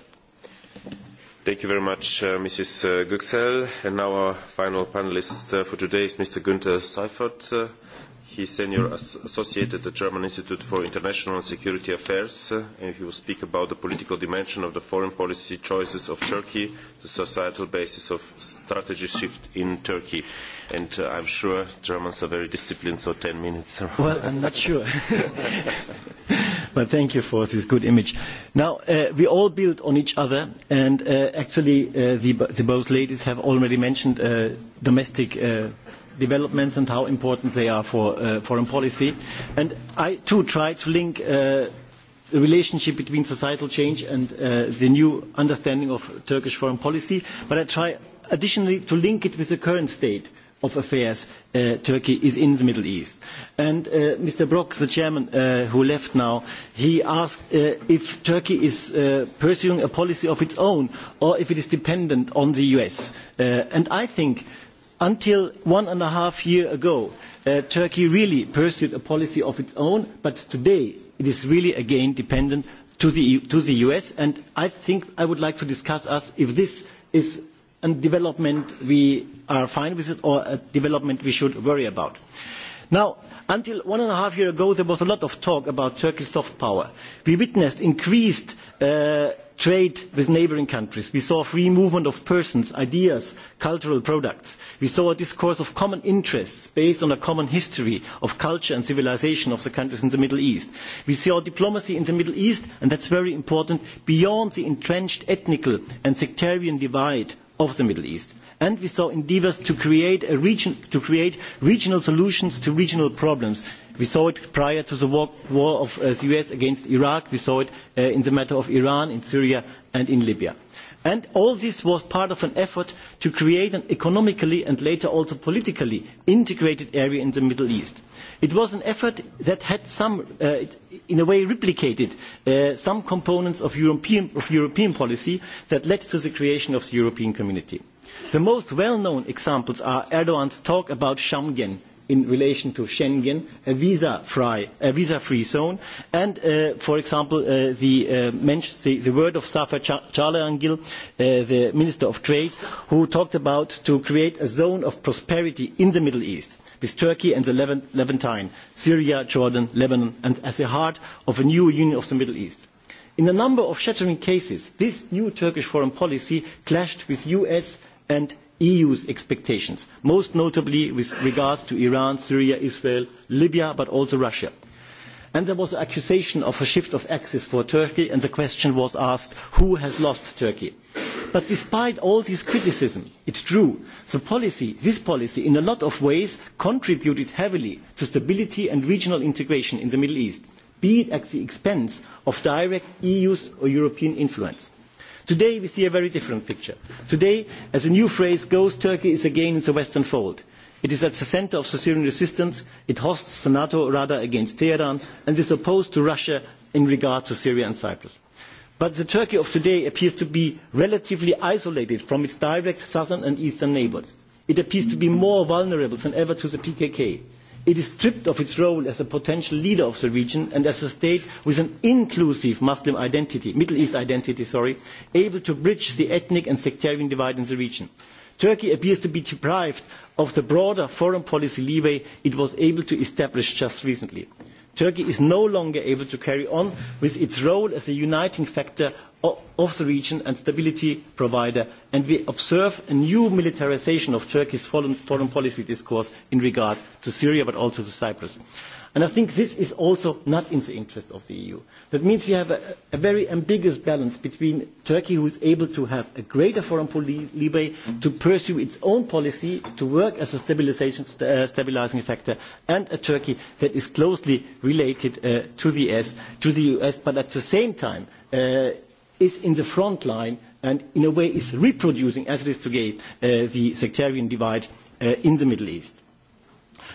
Thank you very much, Mrs. Güksel. And now our final panelist for today is Mr. Günther Seifert He is Senior Associate at the German Institute for International and Security Affairs, and he will speak about the political dimension of the foreign policy choices of Turkey, the societal basis of strategy shift in Turkey. And uh, I'm sure Germans are very disciplined, so 10 minutes. well, I'm not sure. but thank you for this good image. Now, uh, we all build on each other, and uh, actually, uh, the, the both ladies have already mentioned uh, domestic. Uh, developments and how important they are for foreign policy. And I too try to link the relationship between societal change and the new understanding of Turkish foreign policy, but I try additionally to link it with the current state of affairs Turkey is in the Middle East. And Mr. Brok, the chairman who left now, he asked if Turkey is pursuing a policy of its own or if it is dependent on the US. and I think until one and a half years ago, Turkey really pursued a policy of its own, but today it is really again dependent to the, US. And I think I would like to discuss us if this is a development we are fine with it or a development we should worry about. Now, Until one and a half years ago, there was a lot of talk about Turkey's soft power. We witnessed increased trade with neighbouring countries. We saw free movement of persons, ideas, cultural products. We saw a discourse of common interests based on a common history of culture and civilisation of the countries in the Middle East. We saw diplomacy in the Middle East, and that is very important, beyond the entrenched ethnical and sectarian divide of the Middle East and we saw endeavours to create, regional solutions to regional problems. We saw it prior to the war, of the US against Iraq. We saw it in the matter of Iran, in Syria, and in Libya. And all this was part of an effort to create an economically and later also politically integrated area in the Middle East. It was an effort that had some, in a way, replicated some components of European, policy that led to the creation of the European community. The most well-known examples are Erdogan's talk about Schengen in relation to Schengen, a visa-free zone, and, for example, the, word of Safa Charleangil, the Minister of Trade, who talked about to create a zone of prosperity in the Middle East with Turkey and the Levantine, Syria, Jordan, Lebanon, and as the heart of a new union of the Middle East. In a number of shattering cases, this new Turkish foreign policy clashed with US and EU's expectations, most notably with regard to Iran, Syria, Israel, Libya, but also Russia. there was an accusation of a shift of axis for Turkey, and the question was asked, who has lost Turkey? But despite all this criticism, it is true, the policy, this policy, in a lot of ways, contributed heavily to stability and regional integration in the Middle East, be it at the expense of direct EU or European influence Today we see a very different picture. Today, as a new phrase goes, Turkey is again in the Western fold. It is at the centre of the Syrian resistance, it hosts the NATO radar against Tehran, and is opposed to Russia in regard to Syria and Cyprus. But the Turkey of today appears to be relatively isolated from its direct southern and eastern neighbours. It appears to be more vulnerable than ever to the PKK it is stripped of its role as a potential leader of the region and as a state with an inclusive Muslim identity, Middle East identity, sorry, able to bridge the ethnic and sectarian divide in the region. Turkey appears to be deprived of the broader foreign policy leeway it was able to establish just recently. Turkey is no longer able to carry on with its role as a uniting factor of the region and stability provider, and we observe a new militarisation of Turkey's foreign policy discourse in regard to Syria, but also to Cyprus. And I think this is also not in the interest of the EU. That means we have a, a very ambiguous balance between Turkey, who is able to have a greater foreign policy leeway to pursue its own policy, to work as a stabilization, uh, stabilizing factor, and a Turkey that is closely related uh, to, the US, to the US, but at the same time uh, is in the front line and in a way is reproducing, as it is today, uh, the sectarian divide uh, in the Middle East.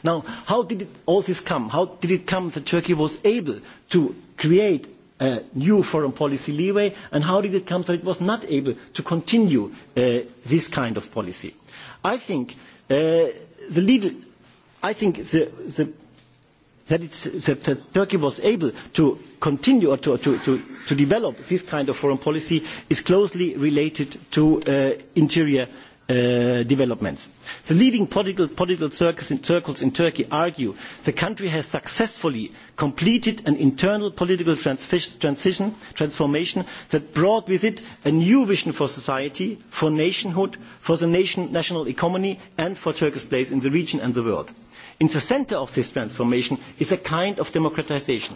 Now, how did all this come? How did it come that Turkey was able to create a new foreign policy leeway, and how did it come that it was not able to continue this kind of policy? I think the lead, I think the, the that, it's, that Turkey was able to continue or to, to, to, to develop this kind of foreign policy is closely related to interior developments. The leading political, circles in, Turkey argue the country has successfully completed an internal political transformation that brought with it a new vision for society, for nationhood, for the national economy and for Turkey's place in the region and the world. In the centre of this transformation is a kind of democratisation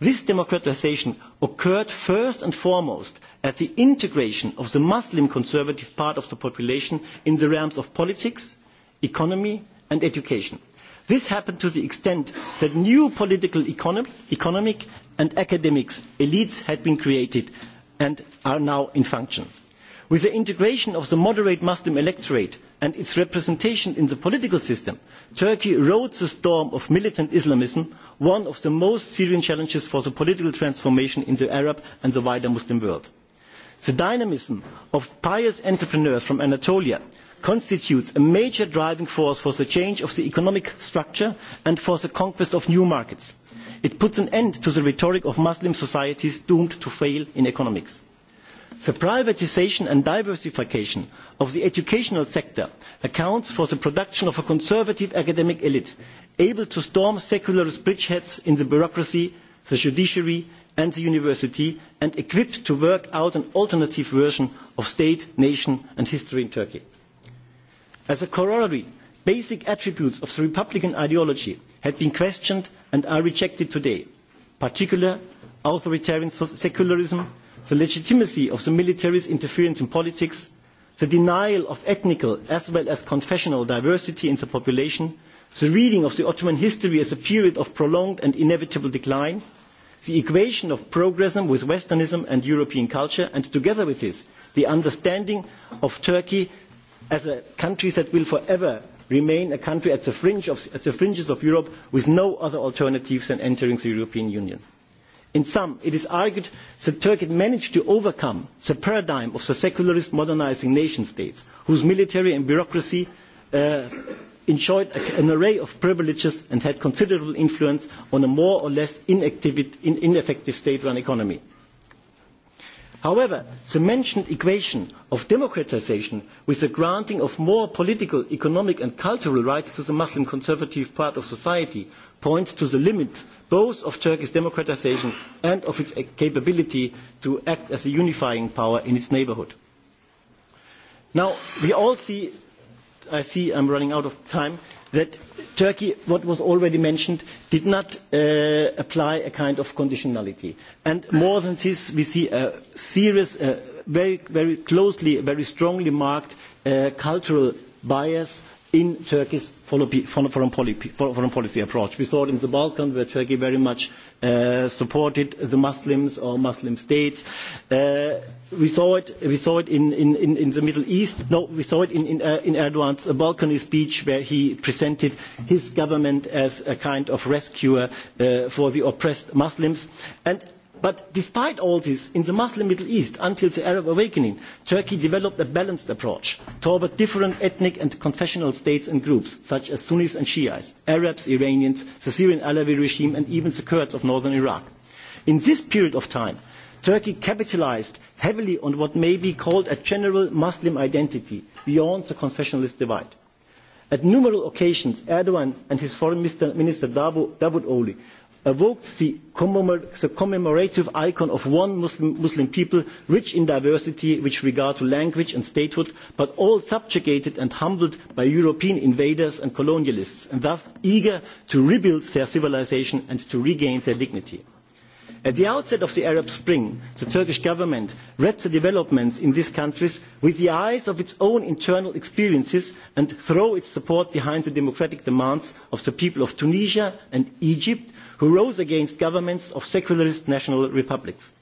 This democratisation occurred first and foremost at the integration of the Muslim conservative part of the population in the realms of politics, economy and education. This happened to the extent that new political, economic and academic elites had been created and are now in function. With the integration of the moderate Muslim electorate and its representation in the political system, Turkey rode the storm of militant Islamism, one of the most serious challenges for the political transformation in the Arab and the wider Muslim world. The dynamism of pious entrepreneurs from Anatolia constitutes a major driving force for the change of the economic structure and for the conquest of new markets. It puts an end to the rhetoric of Muslim societies doomed to fail in economics. The privatisation and diversification of the educational sector accounts for the production of a conservative academic elite able to storm secularist bridgeheads in the bureaucracy, the judiciary and the university and equipped to work out an alternative version of state, nation and history in Turkey. As a corollary, basic attributes of the republican ideology had been questioned and are rejected today, particularly authoritarian secularism, the legitimacy of the military's interference in politics, the denial of ethnical as well as confessional diversity in the population, the reading of the Ottoman history as a period of prolonged and inevitable decline, the equation of progressism with Westernism and European culture, and together with this, the understanding of Turkey as a country that will forever remain a country at the, fringes of Europe with no other alternative than entering the European Union. In sum, it is argued that Turkey managed to overcome the paradigm of the secularist modernising nation states, whose military and bureaucracy enjoyed an array of privileges and had considerable influence on a more or less ineffective state-run economy. However, the mentioned equation of democratisation with the granting of more political, economic and cultural rights to the Muslim conservative part of society points to the limit both of Turkey's democratisation and of its capability to act as a unifying power in its neighbourhood. Now, we all see, I see I'm running out of time, that Turkey, what was already mentioned, did not apply a kind of conditionality. And more than this, we see a serious, very, very closely, very strongly marked cultural bias in Turkey's foreign policy approach. We saw it in the Balkans, where Turkey very much supported the Muslims or Muslim states. we saw it. We saw it in, in, in, the Middle East. No, we saw it in, in, uh, in Erdogan's Balkany speech, where he presented his government as a kind of rescuer for the oppressed Muslims. And But despite all this, in the Muslim Middle East, until the Arab awakening, Turkey developed a balanced approach toward different ethnic and confessional states and groups, such as Sunnis and Shiites, Arabs, Iranians, the Syrian Alawi regime, and even the Kurds of northern Iraq. In this period of time, Turkey capitalised heavily on what may be called a general Muslim identity beyond the confessionalist divide. At numerous occasions, Erdogan and his foreign minister, Davut Davutoglu evoked the, commemorative icon of one Muslim, people, rich in diversity with regard to language and statehood, but all subjugated and humbled by European invaders and colonialists, and thus eager to rebuild their civilisation and to regain their dignity. At the outset of the Arab Spring, the Turkish government read the developments in these countries with the eyes of its own internal experiences and threw its support behind the democratic demands of the people of Tunisia and Egypt, who rose against governments of secularist national republics,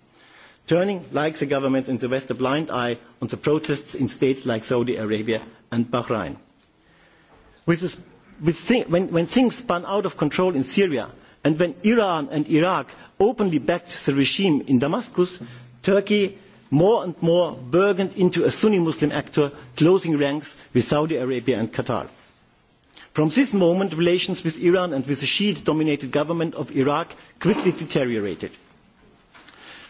turning, like the governments in the West, a blind eye on the protests in states like Saudi Arabia and Bahrain. when things spun out of control in Syria, And when Iran and Iraq openly backed the regime in Damascus, Turkey more and more burgeoned into a Sunni Muslim actor, closing ranks with Saudi Arabia and Qatar. From this moment, relations with Iran and with the Shiite-dominated government of Iraq quickly deteriorated.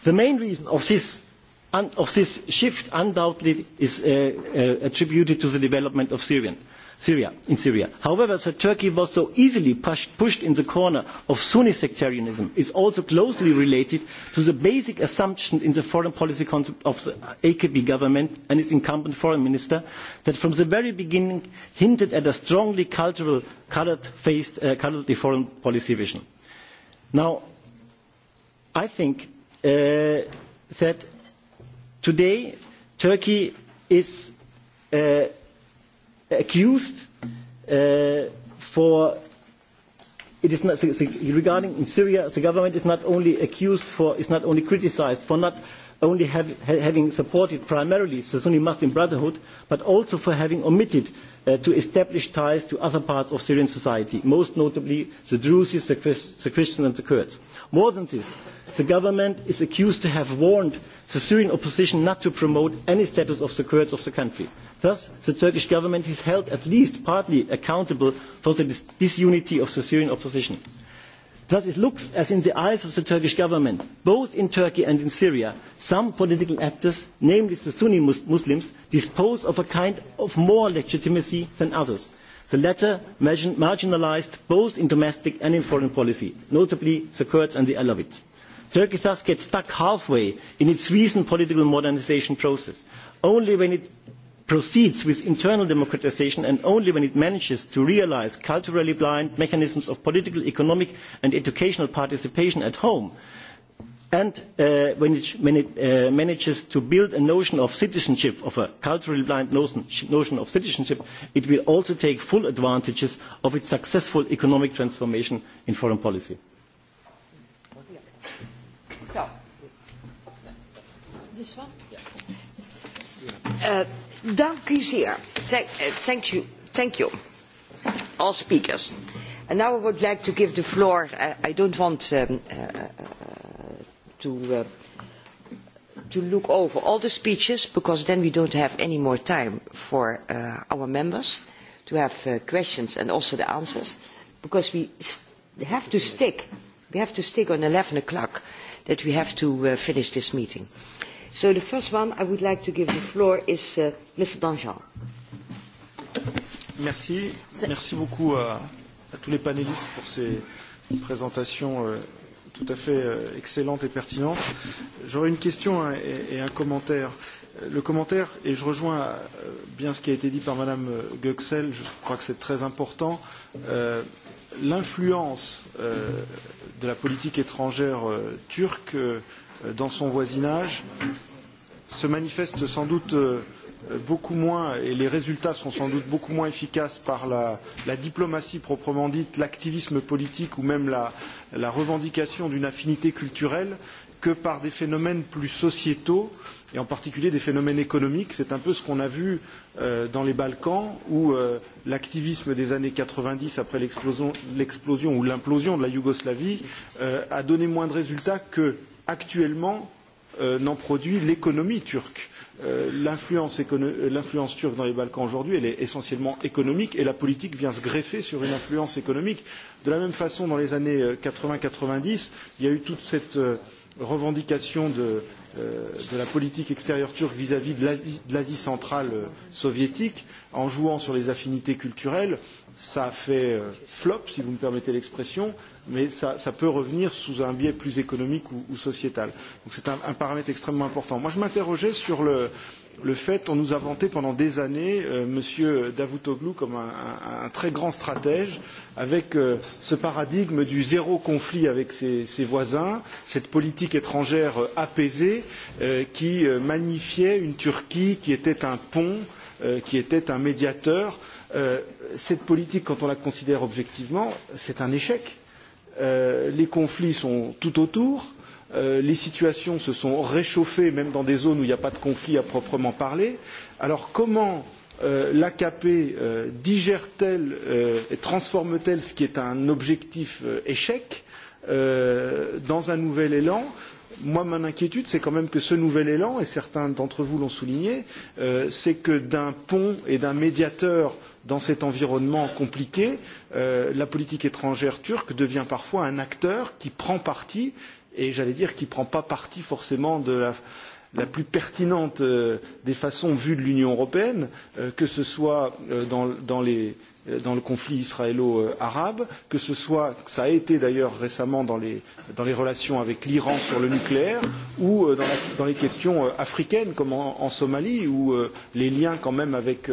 The main reason of this, shift undoubtedly is attributed to the development of Syria Syria, in Syria. However, that Turkey was so easily pushed, pushed in the corner of Sunni sectarianism is also closely related to the basic assumption in the foreign policy concept of the AKP government and its incumbent foreign minister that from the very beginning hinted at a strongly cultural, coloured-faced, uh, foreign policy vision. Now, I think uh, that today Turkey is... Uh, accused for it is not regarding in Syria the government is not only accused for is not only criticized for not only have, having supported primarily the Sunni Muslim Brotherhood but also for having omitted to establish ties to other parts of Syrian society, most notably the Druze, the, Christ, the Christians and the Kurds. More than this, the government is accused to have warned the Syrian opposition not to promote any status of the Kurds of the country Thus, the Turkish government is held at least partly accountable for the disunity of the Syrian opposition. Thus, it looks as in the eyes of the Turkish government, both in Turkey and in Syria, some political actors, namely the Sunni Muslims, dispose of a kind of more legitimacy than others. The latter marginalised both in domestic and in foreign policy, notably the Kurds and the Alawites. Turkey thus gets stuck halfway in its recent political modernisation process. Only when it proceeds with internal democratisation and only when it manages to realise culturally blind mechanisms of political, economic and educational participation at home and when it, manages to build a notion of citizenship, of a culturally blind notion of citizenship, it will also take full advantages of its successful economic transformation in foreign policy. So, this one? Dank u zeer. Thank you. Thank you. All speakers. And now I would like to give the floor. I, I don't want um, uh, to uh, to look over all the speeches because then we don't have any more time for uh, our members to have uh, questions and also the answers because we have to stick we have to stick on 11 o'clock that we have to uh, finish this meeting. So the first one I would like to give the floor is uh, Mr. Danjean. Merci. Merci beaucoup à, à tous les panélistes pour ces présentations euh, tout à fait euh, excellentes et pertinentes. J'aurais une question et, et un commentaire. Le commentaire, et je rejoins bien ce qui a été dit par Madame Guxel, je crois que c'est très important, euh, l'influence euh, de la politique étrangère euh, turque euh, dans son voisinage se manifeste sans doute beaucoup moins et les résultats sont sans doute beaucoup moins efficaces par la, diplomatie proprement dite, l'activisme politique ou même la, revendication d'une affinité culturelle que par des phénomènes plus sociétaux et en particulier des phénomènes économiques. C'est un peu ce qu'on a vu dans les Balkans où l'activisme des années quatre-vingt dix après l'explosion ou l'implosion de la Yougoslavie a donné moins de résultats que actuellement n'en produit l'économie turque. L'influence turque dans les Balkans aujourd'hui, elle est essentiellement économique et la politique vient se greffer sur une influence économique. De la même façon, dans les années quatre-vingt quatre-vingt dix, il y a eu toute cette revendication de, la politique extérieure turque vis-à-vis de l'Asie centrale soviétique en jouant sur les affinités culturelles. Ça a fait flop, si vous me permettez l'expression mais ça, peut revenir sous un biais plus économique ou, sociétal. Donc c'est un, paramètre extrêmement important. Moi, je m'interrogeais sur le, fait qu'on nous a vanté pendant des années Monsieur Davutoglu comme un, très grand stratège, avec ce paradigme du zéro conflit avec ses, voisins, cette politique étrangère apaisée qui magnifiait une Turquie qui était un pont, qui était un médiateur. cette politique, quand on la considère objectivement, c'est un échec les conflits sont tout autour, les situations se sont réchauffées même dans des zones où il n'y a pas de conflit à proprement parler. Alors comment l'AKP digère-t-elle et transforme-t-elle ce qui est un objectif échec dans un nouvel élan Moi, mon inquiétude, c'est quand même que ce nouvel élan, et certains d'entre vous l'ont souligné, c'est que d'un pont et d'un médiateur dans cet environnement compliqué, la politique étrangère turque devient parfois un acteur qui prend parti, et j'allais dire qui ne prend pas parti forcément de la, la plus pertinente des façons vues de l'Union européenne, que ce soit dans, les dans le conflit israélo-arabe, que ce soit, ça a été d'ailleurs récemment dans les, relations avec l'Iran sur le nucléaire, ou dans, les questions africaines comme en, Somalie, où les liens quand même avec,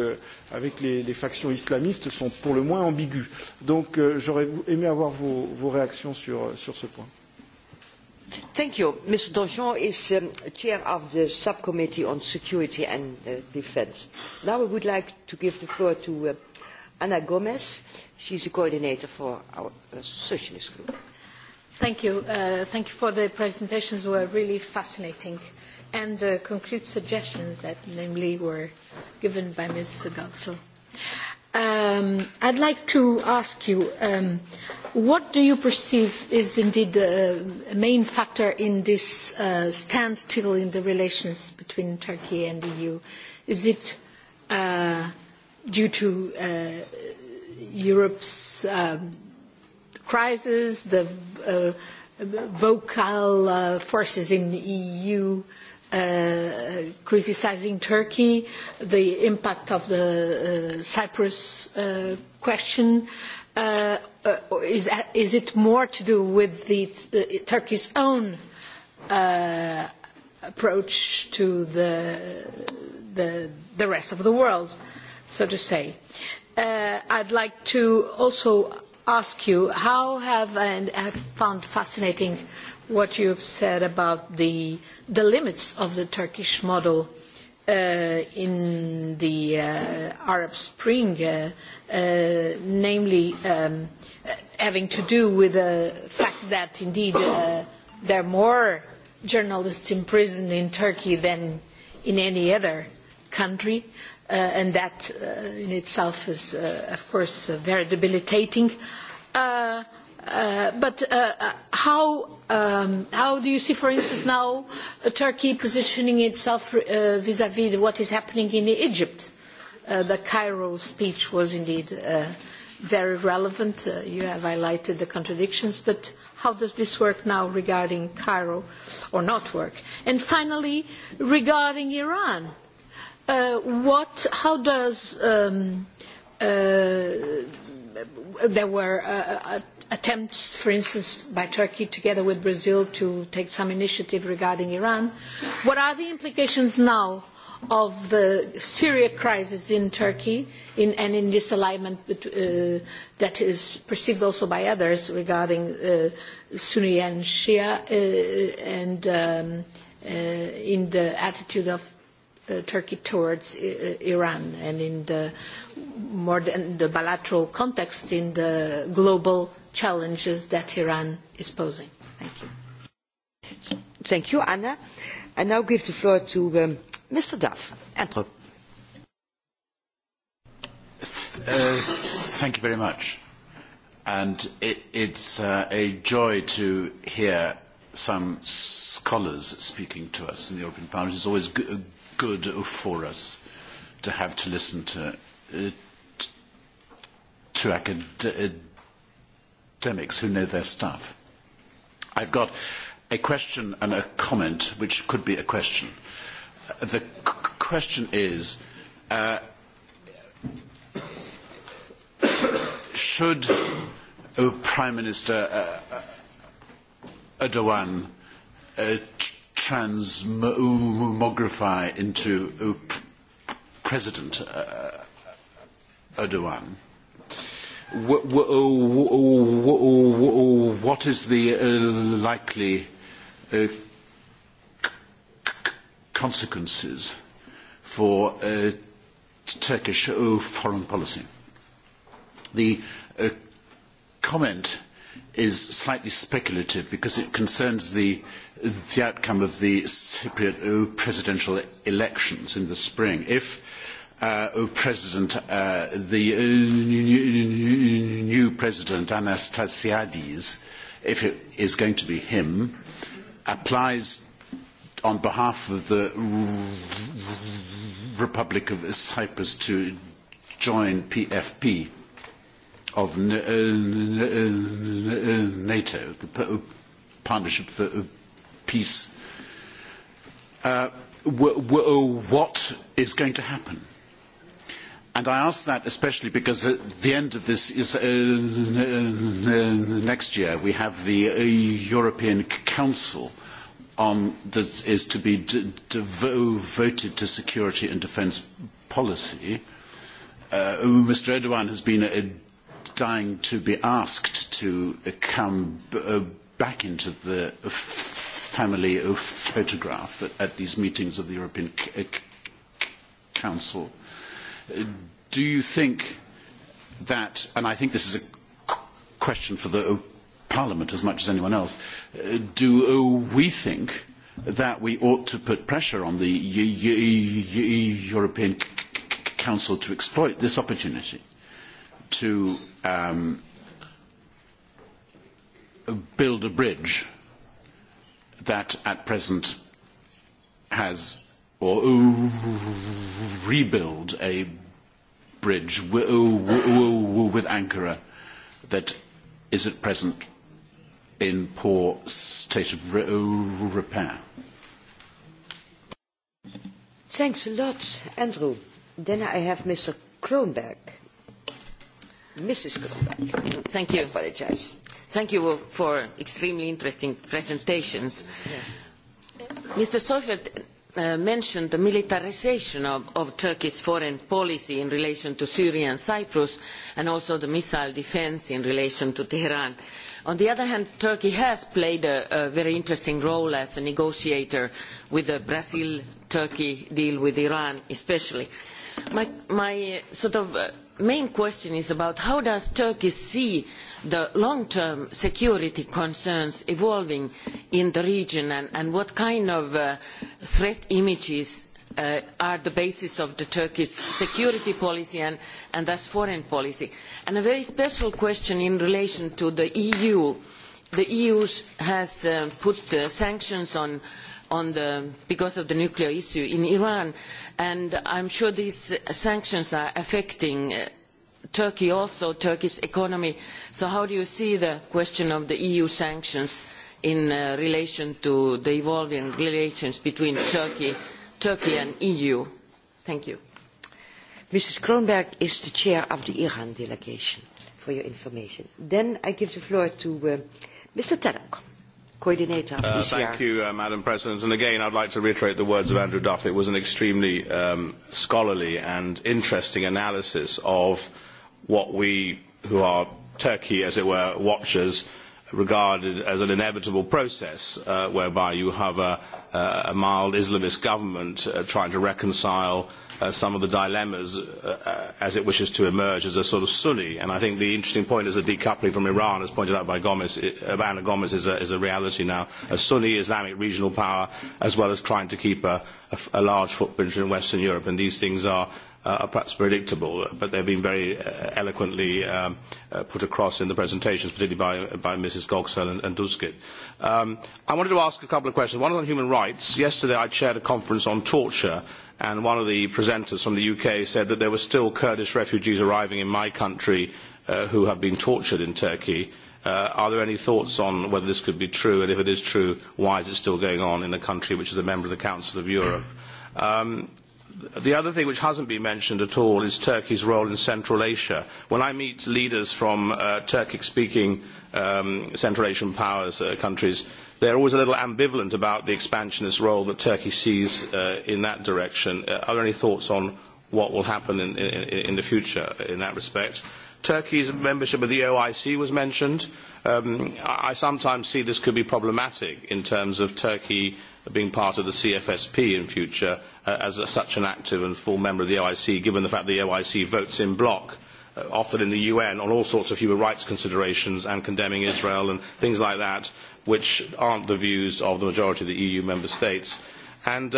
les, factions islamistes sont pour le moins ambigus. Donc j'aurais aimé avoir vos, réactions sur ce point. Thank you. Mr. Donjon is um, chair of the subcommittee on security and uh, Now would like to give the floor to Anna Gomez. She's the coordinator for our socialist group. Thank you. thank you for the presentations were really fascinating and the concrete suggestions that namely were given by Ms. Gogsel. Um, I'd like to ask you, um, what do you perceive is indeed the main factor in this uh, standstill in the relations between Turkey and the EU? Is it uh, due to uh, Europe's um, crisis, the uh, vocal uh, forces in the EU uh, criticizing Turkey, the impact of the uh, Cyprus uh, question. Uh, is, is it more to do with the, Turkey's own uh, approach to the, the, the rest of the world? so to say. Uh, I'd like to also ask you how have and I found fascinating what you have said about the the limits of the Turkish model uh, in the uh, Arab Spring, uh, uh, namely um, having to do with the fact that indeed uh, there are more journalists in prison in Turkey than in any other country and that in itself is, of course, very debilitating. but how, do you see, for instance, now Turkey positioning itself vis a vis -vis what is happening in Egypt? the Cairo speech was indeed very relevant. you have highlighted the contradictions, but how does this work now regarding Cairo or not work? And finally, regarding Iran, what, how does, there were attempts, for instance, by Turkey together with Brazil to take some initiative regarding Iran. What are the implications now of the Syria crisis in Turkey and in this alignment that is perceived also by others regarding Sunni and Shia and in the attitude of Turkey towards Iran and in the more than the bilateral context in the global challenges that Iran is posing. Thank you. Thank you, Anna. I now give the floor to Mr. Duff. Andrew. thank you very much. And it, it's uh, a joy to hear some scholars speaking to us in the European Parliament. It's always good good for us to have to listen to uh, to academics who know their stuff. I've got a question and a comment, which could be a question. The question is, uh, should Prime Minister uh, Erdogan transmogrify into President Erdogan. What is the likely consequences for Turkish foreign policy? The comment is slightly speculative because it concerns the the outcome of the Cypriot presidential elections in the spring. If President, the new president Anastasiades, if it is going to be him, applies on behalf of the Republic of Cyprus to join PFP of NATO, the Partnership for peace, what is going to happen? And I ask that especially because at the end of this is uh next year we have the European Council on that is to be devoted to security and defence policy. Mr. Erdogan has been dying to be asked to come back into the family photograph at, at these meetings of the European Council. Do you think that, and I think this is a question for the Parliament as much as anyone else, do we think that we ought to put pressure on the European Council to exploit this opportunity to build a bridge that at present has or rebuild a bridge with Ankara that is at present in poor state of repair. Thanks a lot, Andrew. Then I have Mr. Kronberg. Mrs. Kronberg. Thank you. I apologize. Thank you for extremely interesting presentations. Mr. Seufert mentioned the militarisation of, Turkey's foreign policy in relation to Syria and Cyprus, and also the missile defence in relation to Tehran. On the other hand, Turkey has played a, very interesting role as a negotiator with the Brazil-Turkey deal with Iran, especially. My, sort of main question is about how does Turkey see the long-term security concerns evolving in the region and, what kind of threat images are the basis of Turkey's security policy and, thus foreign policy. a very special question in relation to the EU. The EU has put sanctions on because of the nuclear issue in Iran. And I'm sure these sanctions are affecting Turkey also, Turkey's economy. So how do you see the question of the EU sanctions in relation to the evolving relations between Turkey, and the EU? Thank you. Mrs. Kronberg is the chair of the Iran delegation, for your information. Then I give the floor to Mr. Tannock. Coordinator, thank you, Madam President. And again, I'd like to reiterate the words of Andrew Duff. It was an extremely scholarly and interesting analysis of what we, who are Turkey, as it were, watchers, regarded as an inevitable process whereby you have a, mild Islamist government trying to reconcile some of the dilemmas as it wishes to emerge as a sort of Sunni. And I think the interesting point is that decoupling from Iran, as pointed out by Gomez, Anna Gomez, is a, is a reality now. A Sunni Islamic regional power, as well as trying to keep a, a, a large footprint in Western Europe. And these things are, uh, are perhaps predictable, but they've been very uh, eloquently um, uh, put across in the presentations, particularly by, by Mrs. Gogsell and, and Duskit. Um, I wanted to ask a couple of questions. One on human rights. Yesterday I chaired a conference on torture and one of the presenters from the UK said that there were still Kurdish refugees arriving in my country who have been tortured in Turkey. are there any thoughts on whether this could be true, and if it is true, why is it still going on in a country which is a member of the Council of Europe? the other thing which has not been mentioned at all is Turkey's role in Central Asia. When I meet leaders from Turkic-speaking Central Asian powers countries, They are always a little ambivalent about the expansionist role that Turkey sees in that direction. are there any thoughts on what will happen in, in, in the future in that respect? Turkey's membership of the OIC was mentioned. I sometimes see this could be problematic in terms of Turkey being part of the CFSP in future as such an active and full member of the OIC, given the fact the OIC votes in bloc, often in the UN, on all sorts of human rights considerations and condemning Israel and things like that which aren't the views of the majority of the EU member states. And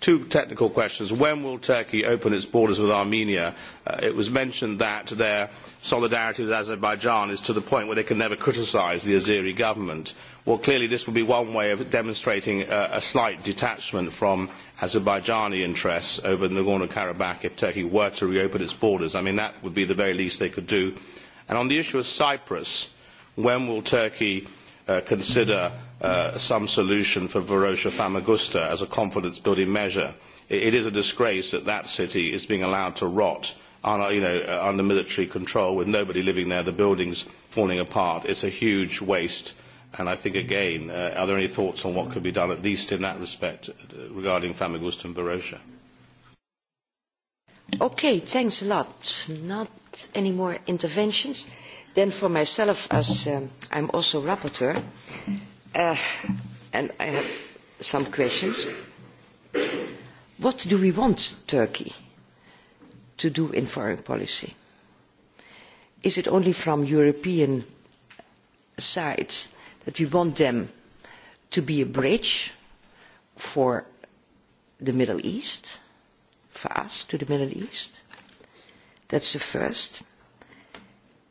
two technical questions. When will Turkey open its borders with Armenia? it was mentioned that their solidarity with Azerbaijan is to the point where they can never criticise the Azeri government. Well, clearly this would be one way of demonstrating a, slight detachment from Azerbaijani interests over Nagorno-Karabakh if Turkey were to reopen its borders. I mean, that would be the very least they could do. And on the issue of Cyprus, when will Turkey consider some solution for Varosha Famagusta as a confidence building measure. It, is a disgrace that that city is being allowed to rot under military control with nobody living there, the buildings falling apart. It is a huge waste. And I think, again, are there any thoughts on what could be done, at least in that respect, regarding Famagusta and Varosha? Okay, thanks a lot. Not any more interventions. Then for myself, as uh, I'm also rapporteur, uh, and I have some questions. What do we want Turkey to do in foreign policy? Is it only from European side that we want them to be a bridge for the Middle East, for us to the Middle East? That's the first.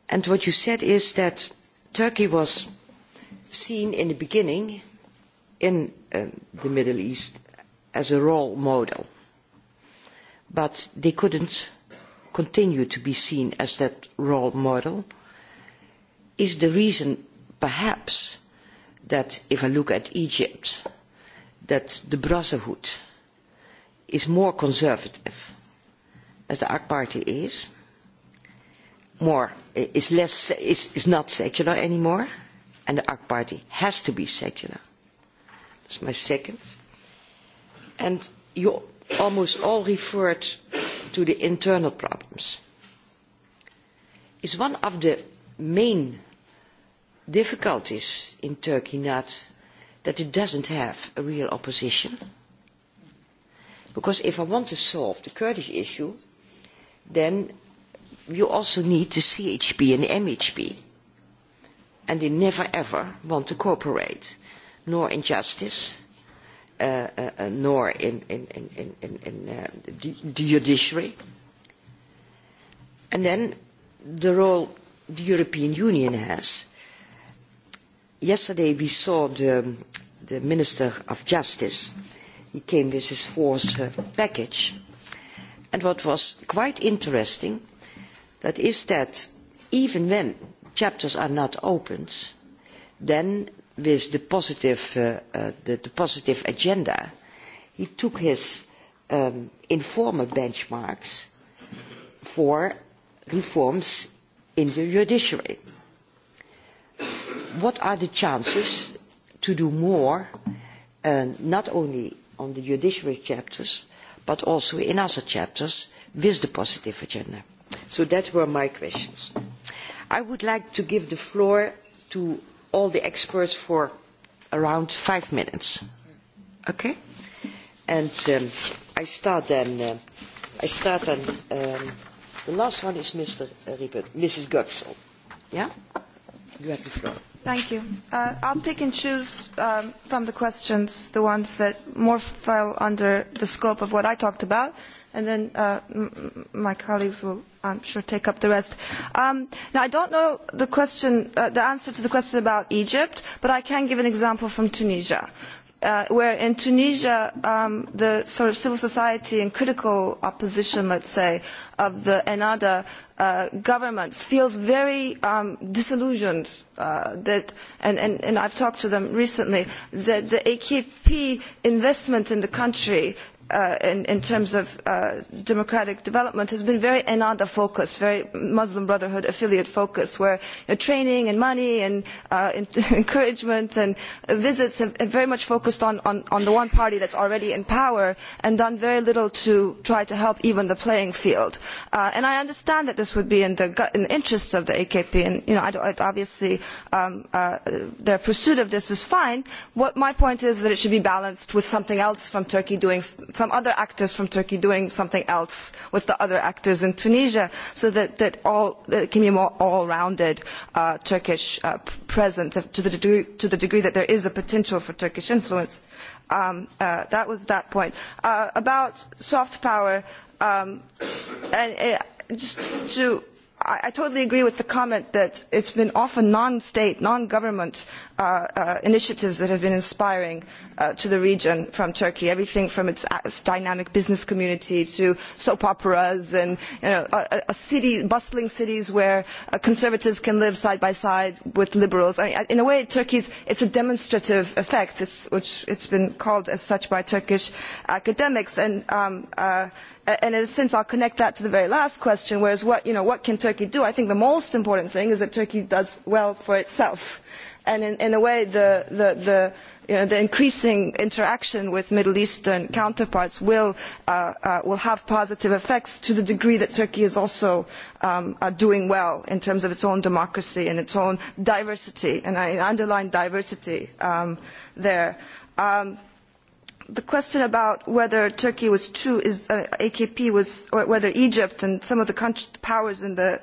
And what you said is that Turkey was seen in the beginning in the Middle East as a role model, but they couldn't continue to be seen as that role model. Is the reason perhaps that if I look at Egypt, that the Brotherhood is more conservative, as the AK party is, more is less is, is not secular anymore, and the AK Party has to be secular. That's my second. And you almost all referred to the internal problems. Is one of the main difficulties in Turkey not that it doesn't have a real opposition? Because if I want to solve the Kurdish issue, then you also need the CHP and MHP. And they never ever want to cooperate, nor in justice, uh, uh, nor in, in, in, in, in, in uh, the judiciary. And then the role the European Union has. Yesterday we saw the, the Minister of Justice. He came with his fourth uh, package. And what was quite interesting That is that even when chapters are not opened, then with the positive, uh, uh, the, the positive agenda, he took his um, informal benchmarks for reforms in the judiciary. What are the chances to do more, uh, not only on the judiciary chapters, but also in other chapters with the positive agenda? So that were my questions. I would like to give the floor to all the experts for around five minutes. Okay? And um, I start then. Uh, I start then. Um, the last one is Mr. Riepert, Mrs. Guxel. Yeah? You have the floor. Thank you. Uh, I'll pick and choose um, from the questions the ones that more fell under the scope of what I talked about and then uh, my colleagues will, I'm sure, take up the rest. Um, now, I don't know the question, uh, the answer to the question about Egypt, but I can give an example from Tunisia where in Tunisia the sort of civil society and critical opposition, let us say, of the Ennahda government feels very disillusioned that, and, and, and I've talked to them recently, that the AKP investment in the country in, terms of democratic development has been very Ennahda focused, very Muslim Brotherhood affiliate focused, where training and money and encouragement and visits have, very much focused on, the one party that is already in power and done very little to try to help even the playing field. I understand that this would be in the, in the interests of the AKP, and you know, I, obviously their pursuit of this is fine. What my point is that it should be balanced with something else from Turkey doing some other actors from Turkey doing something else with the other actors in Tunisia so that, that, all, that it can be a more all-rounded Turkish presence to the, degree, to the degree that there is a potential for Turkish influence. that was that point. about soft power, and just to I totally agree with the comment that it has been often non-state, non-government initiatives that have been inspiring to the region from Turkey. Everything from its dynamic business community to soap operas and bustling cities where conservatives can live side by side with liberals. in a way, Turkey is a demonstrative effect, which it has been called as such by Turkish academics. And in a sense i will connect that to the very last question whereas what can turkey do i think the most important thing is that turkey does well for itself and in a way the increasing interaction with middle eastern counterparts will have positive effects to the degree that turkey is also doing well in terms of its own democracy and its own diversity and i underline diversity there the question about whether Turkey was true is uh, AKP was, or whether Egypt and some of the powers and the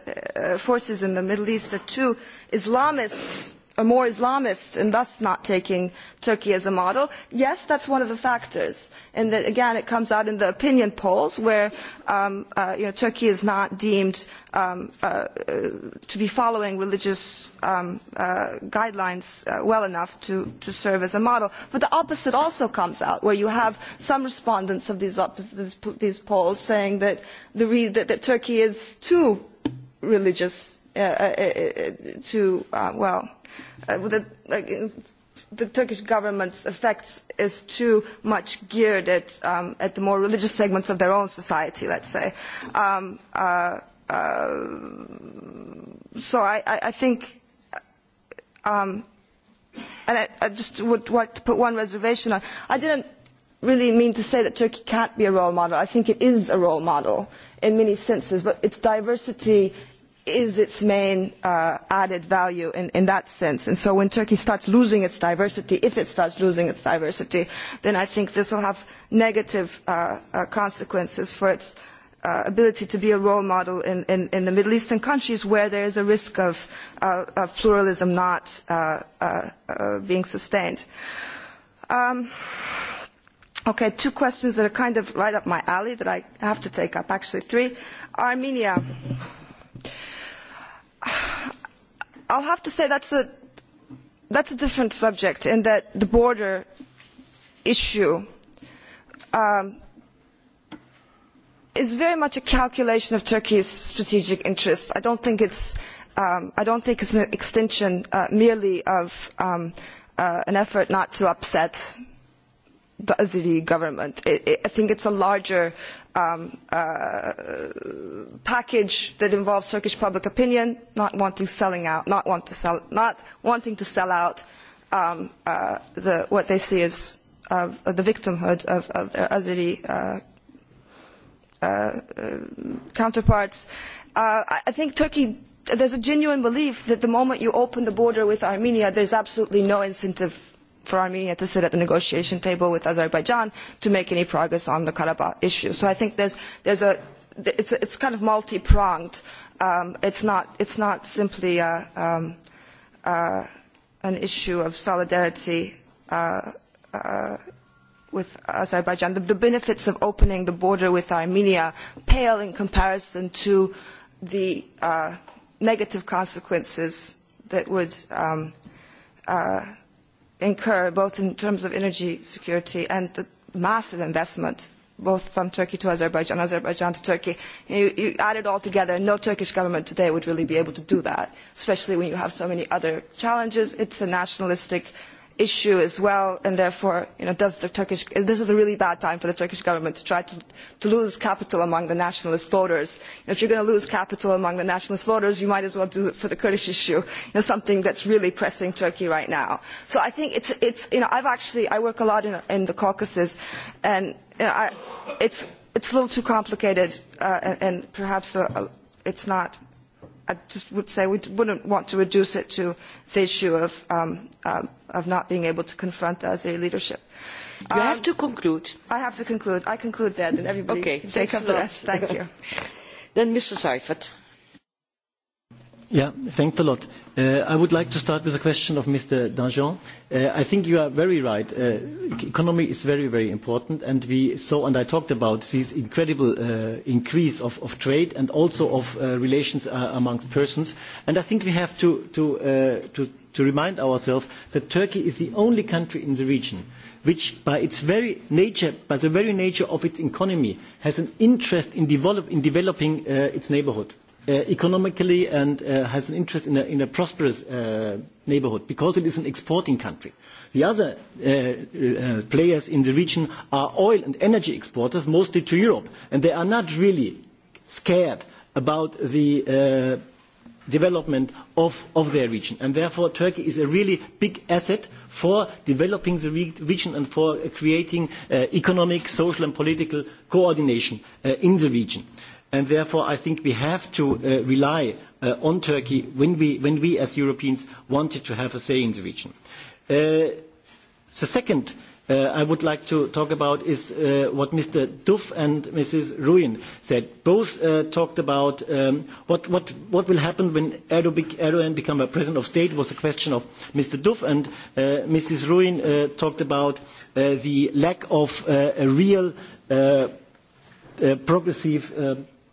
forces in the Middle East are too Islamists are more Islamist and thus not taking Turkey as a model. Yes, that is one of the factors. And that, again, it comes out in the opinion polls where Turkey is not deemed to be following religious guidelines well enough to, serve as a model. But the opposite also comes out, where you have some respondents of these, polls saying that Turkey is too religious to well the Turkish government's effects is too much geared at, the more religious segments of their own society, let's say. so I, I, I think, um, and I, I just would like to put one reservation on. I didn't really mean to say that Turkey can't be a role model. I think it is a role model in many senses, but its diversity is its main added value in, that sense. And so when Turkey starts losing its diversity, if it starts losing its diversity, then I think this will have negative consequences for its ability to be a role model in, the Middle Eastern countries where there is a risk of, pluralism not being sustained. Okay, two questions that are kind of right up my alley that I have to take up, actually three. Armenia I'll have to say that's a that's a different subject in that the border issue um, is very much a calculation of Turkey's strategic interests. I don't think it's um, I don't think it's an extension uh, merely of um, uh, an effort not to upset the Azeri government. I think it is a larger package that involves Turkish public opinion not wanting selling out, not want to sell, not wanting to sell out what they see as the victimhood of, of their Azeri counterparts. I think Turkey there is a genuine belief that the moment you open the border with Armenia, there is absolutely no incentive for Armenia to sit at the negotiation table with Azerbaijan to make any progress on the Karabakh issue. So I think there's, there's a, it's, it's kind of multi-pronged. Um, it's, not, it's not simply a, um, uh, an issue of solidarity uh, uh, with Azerbaijan. The, the benefits of opening the border with Armenia pale in comparison to the uh, negative consequences that would um, uh, incur both in terms of energy security and the massive investment both from Turkey to Azerbaijan, Azerbaijan to Turkey. You, you add it all together, no Turkish government today would really be able to do that, especially when you have so many other challenges. It's a nationalistic issue as well and therefore does the Turkish this is a really bad time for the Turkish government to try to, to lose capital among the nationalist voters. If you are going to lose capital among the nationalist voters you might as well do it for the Kurdish issue, you know, something that's really pressing Turkey right now. So I think it's, it's you know, I've actually, I work a lot in, in the Caucasus and you know, I, it's, it's a little too complicated uh, and, and perhaps a, a, it's not I just would say we wouldn't want to reduce it to the issue of, um, uh, of not being able to confront the Azeri leadership. You have to conclude. I have to conclude. I conclude that, and everybody okay, can take up the rest. Thank you. then, Mr. Seifert. Yeah, thanks a lot. I would like to start with a question of Mr. Danjean. I think you are very right. Economy is very, very important, and we saw, and I talked about this incredible increase of trade and also of relations amongst persons. And I think we have to remind ourselves that Turkey is the only country in the region which by its very nature, by the very nature of its economy, has an interest in, developing its neighbourhood economically and has an interest in a, in a prosperous neighbourhood because it is an exporting country. The other players in the region are oil and energy exporters, mostly to Europe, and they are not really scared about the development of, their region. And therefore, Turkey is a really big asset for developing the region and for creating economic, social and political coordination in the region. And therefore, I think we have to rely on Turkey when we, as Europeans, wanted to have a say in the region. the second I would like to talk about is what Mr. Duff and Mrs. Ruin said. Both talked about what, will happen when Erdogan becomes a president of state was a question of Mr. Duff and Mrs. Ruin talked about the lack of a real progressive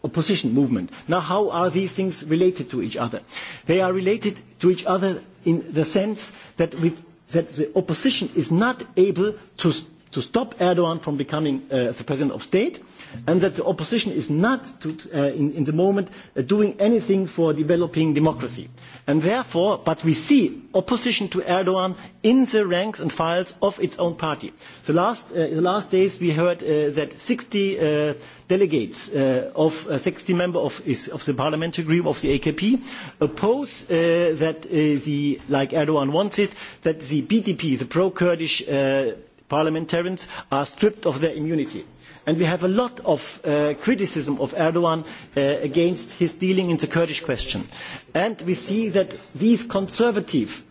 opposition movement. Now, how are these things related to each other? They are related to each other in the sense that, with, that the opposition is not able to to stop Erdogan from becoming uh, the president of state, and that the opposition is not, to, uh, in, in the moment, uh, doing anything for developing democracy. And therefore, but we see opposition to Erdogan in the ranks and files of its own party. The last, uh, in the last days, we heard uh, that 60 uh, delegates uh, of uh, 60 members of, of the parliamentary group of the AKP oppose uh, that uh, the, like Erdogan wants it, that the BDP, the pro-Kurdish uh, parliamentarians are stripped of their immunity. And we have a lot of criticism of Erdogan against his dealing in the Kurdish question. And we see that this conservative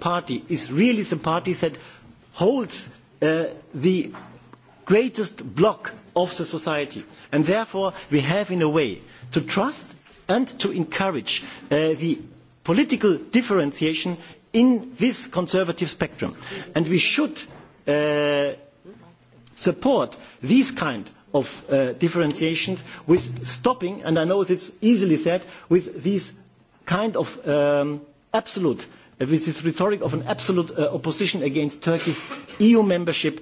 party is really the party that holds the greatest block of the society. And therefore, we have, in a way, to trust and to encourage the political differentiation in this conservative spectrum. And we should support these kind of differentiation with stopping, and I know it's easily said, with these kind of absolute, with this rhetoric of an absolute opposition against Turkey's EU membership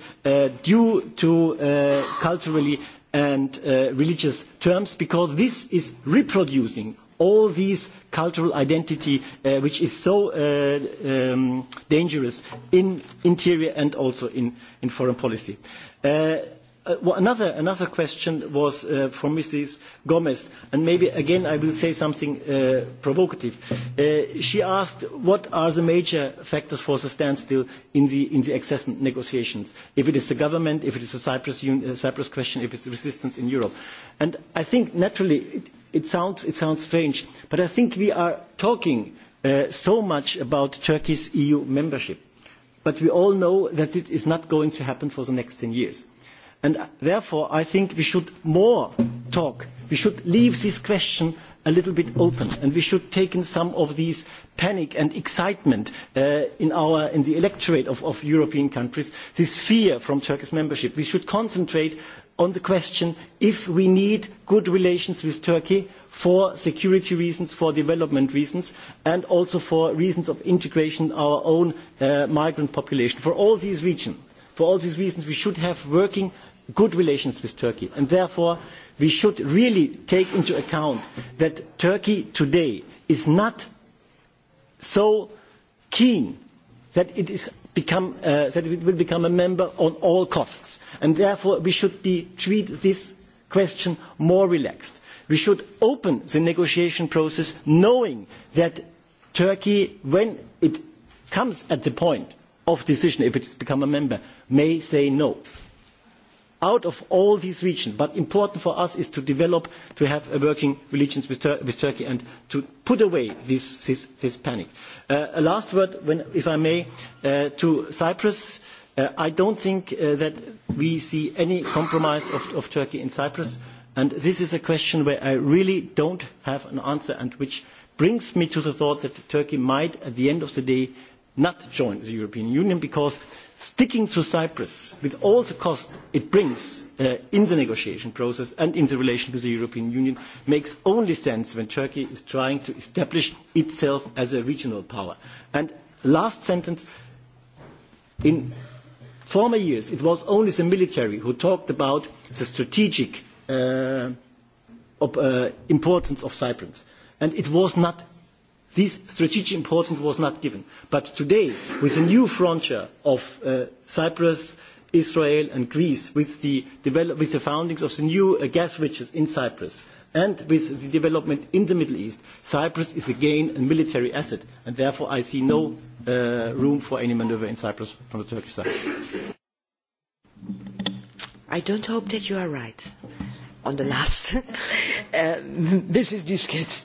due to culturally and religious terms, because this is reproducing all these cultural identity which is so dangerous in interior and also in, foreign policy. another, question was from Mrs. Gomez, and maybe again I will say something provocative. she asked what are the major factors for the standstill in the, accession negotiations, if it is the government, if it is the Cyprus, question, if it is resistance in Europe. And I think naturally... It, It sounds, it sounds strange, but I think we are talking so much about Turkey's EU membership, but we all know that it is not going to happen for the next ten years. And therefore, I think we should more talk. We should leave this question a little bit open, and we should take in some of these panic and excitement in, our, in the electorate of, European countries, this fear from Turkish membership. We should concentrate on the question if we need good relations with Turkey for security reasons, for development reasons, and also for reasons of integration of our own migrant population. For all these regions, for all these reasons, we should have working good relations with Turkey. And therefore, we should really take into account that Turkey today is not so keen that it is become, uh, that it will become a member on all costs. And therefore, we should be, treat this question more relaxed. We should open the negotiation process knowing that Turkey, when it comes at the point of decision, if it has become a member, may say no. Out of all these regions, but important for us is to develop, to have a working relations with, Turkey and to put away this, this, this panic a last word, if I may, to Cyprus. I don't think that we see any compromise of, Turkey in Cyprus. And this is a question where I really don't have an answer and which brings me to the thought that Turkey might, at the end of the day, not join the European Union because sticking to Cyprus with all the cost it brings in the negotiation process and in the relation with the European Union makes only sense when Turkey is trying to establish itself as a regional power. And last sentence, in former years it was only the military who talked about the strategic importance of Cyprus. And it was not This strategic importance was not given. But today, with the new frontier of Cyprus, Israel and Greece, with the, develop- with the foundings of the new gas riches in Cyprus, and with the development in the Middle East, Cyprus is again a military asset, and therefore I see no room for any manoeuvre in Cyprus from the Turkish side. I don't hope that you are right on the last. Mrs. Busquets.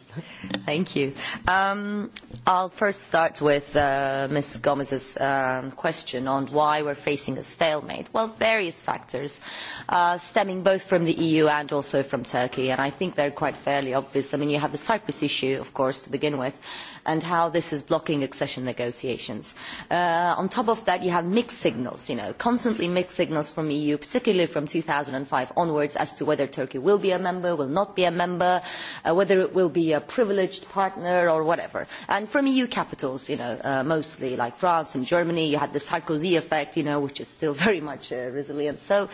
Thank you. Um, I'll first start with uh, Ms. Gomez's um, question on why we're facing a stalemate. Well, various factors uh, stemming both from the EU and also from Turkey, and I think they're quite fairly obvious. I mean, you have the Cyprus issue, of course, to begin with, and how this is blocking accession negotiations. Uh, on top of that, you have mixed signals, you know, constantly mixed signals from EU, particularly from 2005 onwards, as to whether Turkey will be a member, will not be a member, uh, whether it will be a privileged partner or whatever. And from EU capitals, you know, uh, mostly like France and Germany, you had the Sarkozy effect, you know, which is still very much uh, resilient. So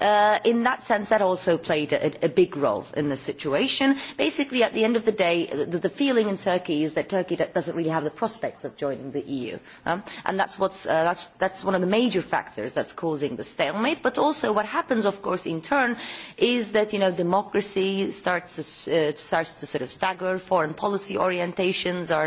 uh, in that sense, that also played a, a big role in the situation. Basically, at the end of the day, the, the feeling in Turkey is that Turkey doesn't really have the prospects of joining the EU. Um, and that's, what's, uh, that's, that's one of the major factors that's causing the stalemate. But also what happens, of course, in turn is that, you know, democracy starts to, uh, starts to sort of stagger narrower foreign policy orientations or,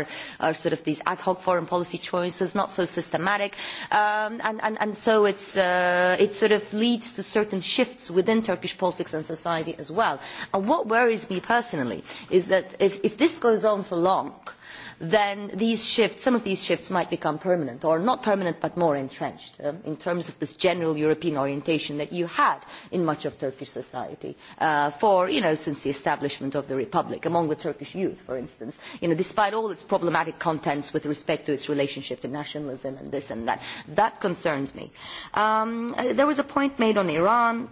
sort of these ad hoc foreign policy choices, not so systematic. Um, and, and, and so it's, uh, it sort of leads to certain shifts within Turkish politics and society as well. And what worries me personally is that if, if this goes on for long, then these shifts, some of these shifts might become permanent, or not permanent but more entrenched in terms of this general European orientation that you had in much of Turkish society for, you know, since the establishment of the Republic, among the Turkish youth, for instance, you know, despite all its problematic contents with respect to its relationship to nationalism and this and that. That concerns me. there was a point made on Iran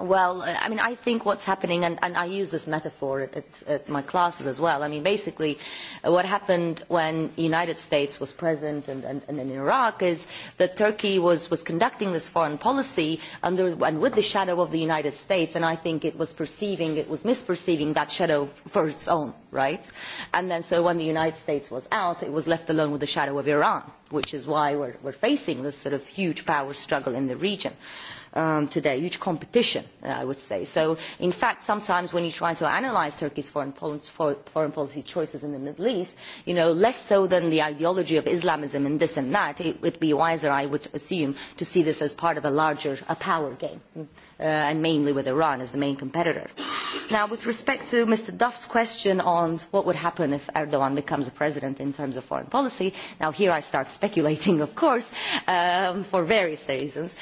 Well, I mean, I think what's happening, and, and I use this metaphor at, at my classes as well. I mean, basically, what happened when the United States was present and, and, and in Iraq is that Turkey was, was conducting this foreign policy under and with the shadow of the United States, and I think it was perceiving, it was misperceiving that shadow for its own, right? And then so when the United States was out, it was left alone with the shadow of Iran, which is why we're, we're facing this sort of huge power struggle in the region. Uh, today, huge competition, I would say. So, in fact, sometimes when you try to analyse Turkey's foreign, policy choices in the Middle East, you know, less so than the ideology of Islamism and this and that, it would be wiser, I would assume, to see this as part of a larger a power game, and mainly with Iran as the main competitor. Now, with respect to Mr. Duff's question on what would happen if Erdogan becomes a president in terms of foreign policy, now here I start speculating, of course, um for various reasons.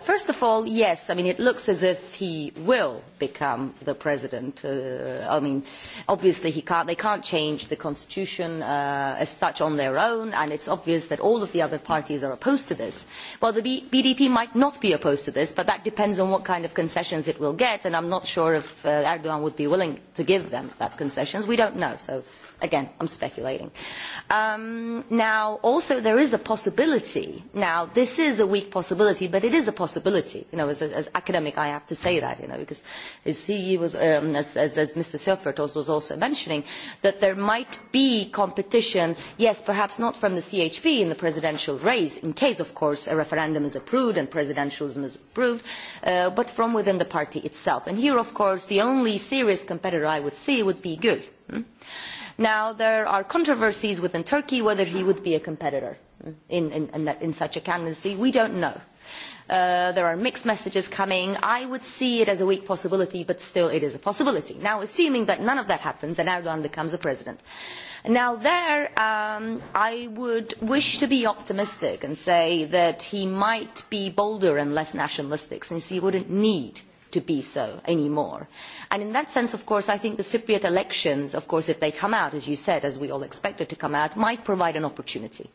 first of all, yes, I mean, it looks as if he will become the president. Uh I mean, obviously he can't, they can't change the constitution uh as such on their own, and it's obvious that all of the other parties are opposed to this. Well, the BDP might not be opposed to this, but that depends on what kind of concessions it will get, and I'm not sure if uh Erdogan Iran would be willing to give them that concession, We don't know. So Again, I'm speculating. Um, now, also there is a possibility. Now, this is a weak possibility, but it is a possibility. You know, as, as academic, I have to say that. You know, because as he was, um, as, as, as Mr. Schöffert also was also mentioning, that there might be competition. Yes, perhaps not from the CHP in the presidential race, in case, of course, a referendum is approved and presidentialism is approved, uh, but from within the party itself. And here, of course, the only serious competitor I would see would be Gül. Now, there are controversies within Turkey whether he would be a competitor in, in, in such a candidacy. We don't know there are mixed messages coming. I would see it as a weak possibility, but still it is a possibility. Now, assuming that none of that happens and Erdogan becomes the president. Now, there, I would wish to be optimistic and say that he might be bolder and less nationalistic, since he wouldn't need uh, to be so anymore. And in that sense, of course, I think the Cypriot elections, of course, if they come out, as you said, as we all expected to come out, might provide an opportunity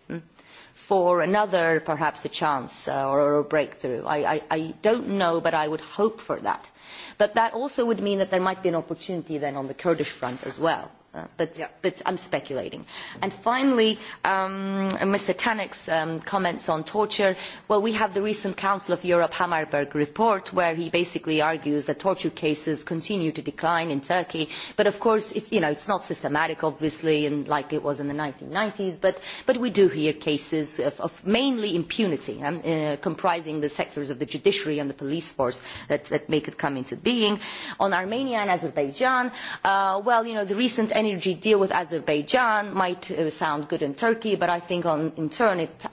for another, perhaps a chance or a breakthrough. I, I, I don't know, but I would hope for that. But that also would mean that there might be an opportunity then on the Kurdish front as well but but I'm speculating. And finally, Mr. Tannock's comments on torture. Well, we have the recent Council of Europe Hammarberg report, where he basically argues that torture cases continue to decline in Turkey. But of course, it's you know it's not systematic, obviously, and like it was in the 1990s. But but we do hear cases of, of mainly impunity, comprising the sectors of the judiciary and the police force that that make it come into being. On Armenia and Azerbaijan, uh well, you know the recent energy deal with Azerbaijan might sound good in Turkey, but I think in turn it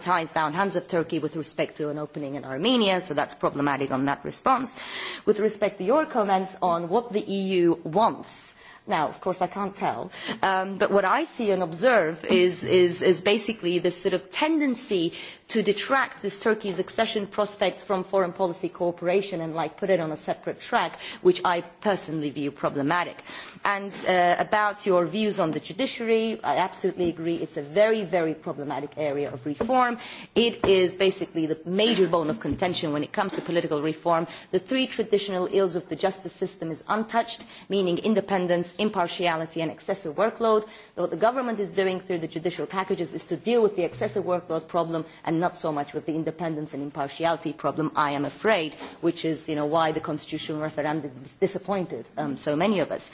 ties down hands of Turkey with respect to an opening in Armenia, so that is problematic on that response. With respect to your comments on what the EU wants, Now, of course, I can't tell, but what I see and observe is, basically this sort of tendency to detract this Turkey's accession prospects from foreign policy cooperation and like put it on a separate track, which I personally view problematic. And about your views on the judiciary, I absolutely agree. It's a very, very problematic area of reform. It is basically the major bone of contention when it comes to political reform. The three traditional ills of the justice system is untouched, meaning independence, impartiality and excessive workload. What the government is doing through the judicial packages is to deal with the excessive workload problem and and not so much with the independence and impartiality problem, I am afraid, which is you know, why the constitutional referendum disappointed um, so many of us.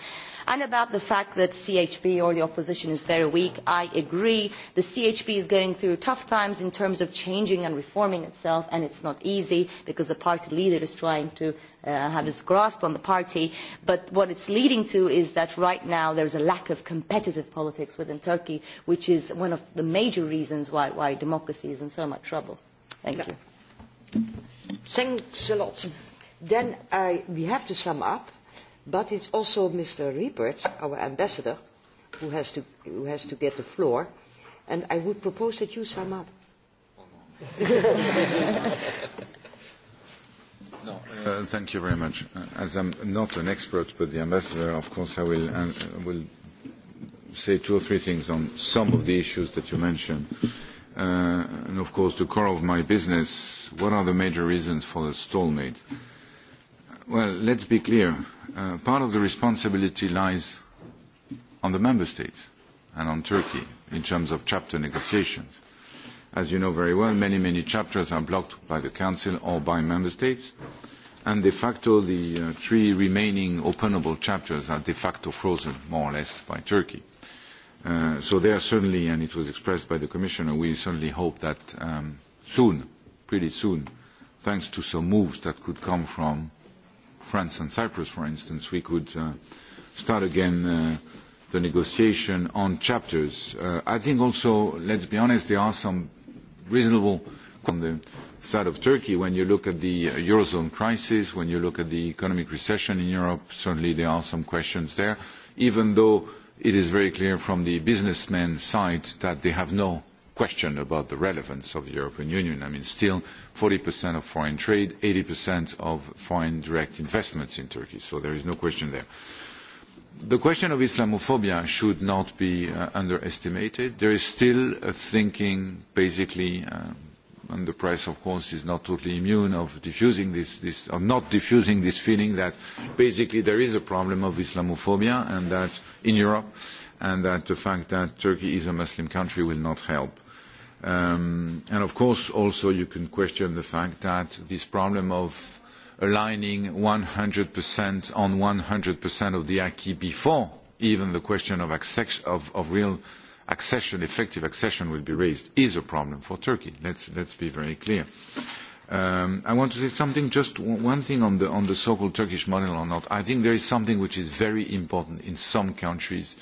And about the fact that CHP or the opposition is very weak, I agree. The CHP is going through tough times in terms of changing and reforming itself, and it's not easy because the party leader is trying to have his grasp on the party. But what it is leading to is that right now there is a lack of competitive politics within Turkey, which is one of the major reasons why, democracy is in so much trouble. Thank you. Thanks a lot. Then I, we have to sum up, but it's also Mr. Riepert, our ambassador, who has to, who has to get the floor. And I would propose that you sum up. No, uh, thank you very much. As I'm not an expert, but the ambassador, of course, I will, uh, will say two or three things on some of the issues that you mentioned and of course the core of my business, what are the major reasons for the stalemate? Well, let's be clear. Part of the responsibility lies on the member states and on Turkey in terms of chapter negotiations. As you know very well, many, many chapters are blocked by the Council or by member states, and de facto, the three remaining openable chapters are de facto frozen, more or less, by Turkey So there certainly, and it was expressed by the Commissioner, we certainly hope that soon, pretty soon, thanks to some moves that could come from France and Cyprus, for instance, we could start again the negotiation on chapters. I think also, let's be honest, there are some reasonable on the side of Turkey when you look at the Eurozone crisis, when you look at the economic recession in Europe, certainly there are some questions there, even though it is very clear from the businessmen side that they have no question about the relevance of the European Union. I mean, still 40% of foreign trade, 80% of foreign direct investments in Turkey, so there is no question there. The question of Islamophobia should not be underestimated. There is still a thinking, basically, and the press, of course, is not totally immune of diffusing this, this of not diffusing this feeling that basically there is a problem of Islamophobia and that in Europe, and that the fact that Turkey is a Muslim country will not help. Um, and of course, also you can question the fact that this problem of aligning 100% on 100% of the acquis before even the question of, access, of, of real accession, effective accession will be raised, is a problem for Turkey. Let's, let's be very clear. Um, I want to say something, just one thing on the, on the so-called Turkish model or not. I think there is something which is very important in some countries,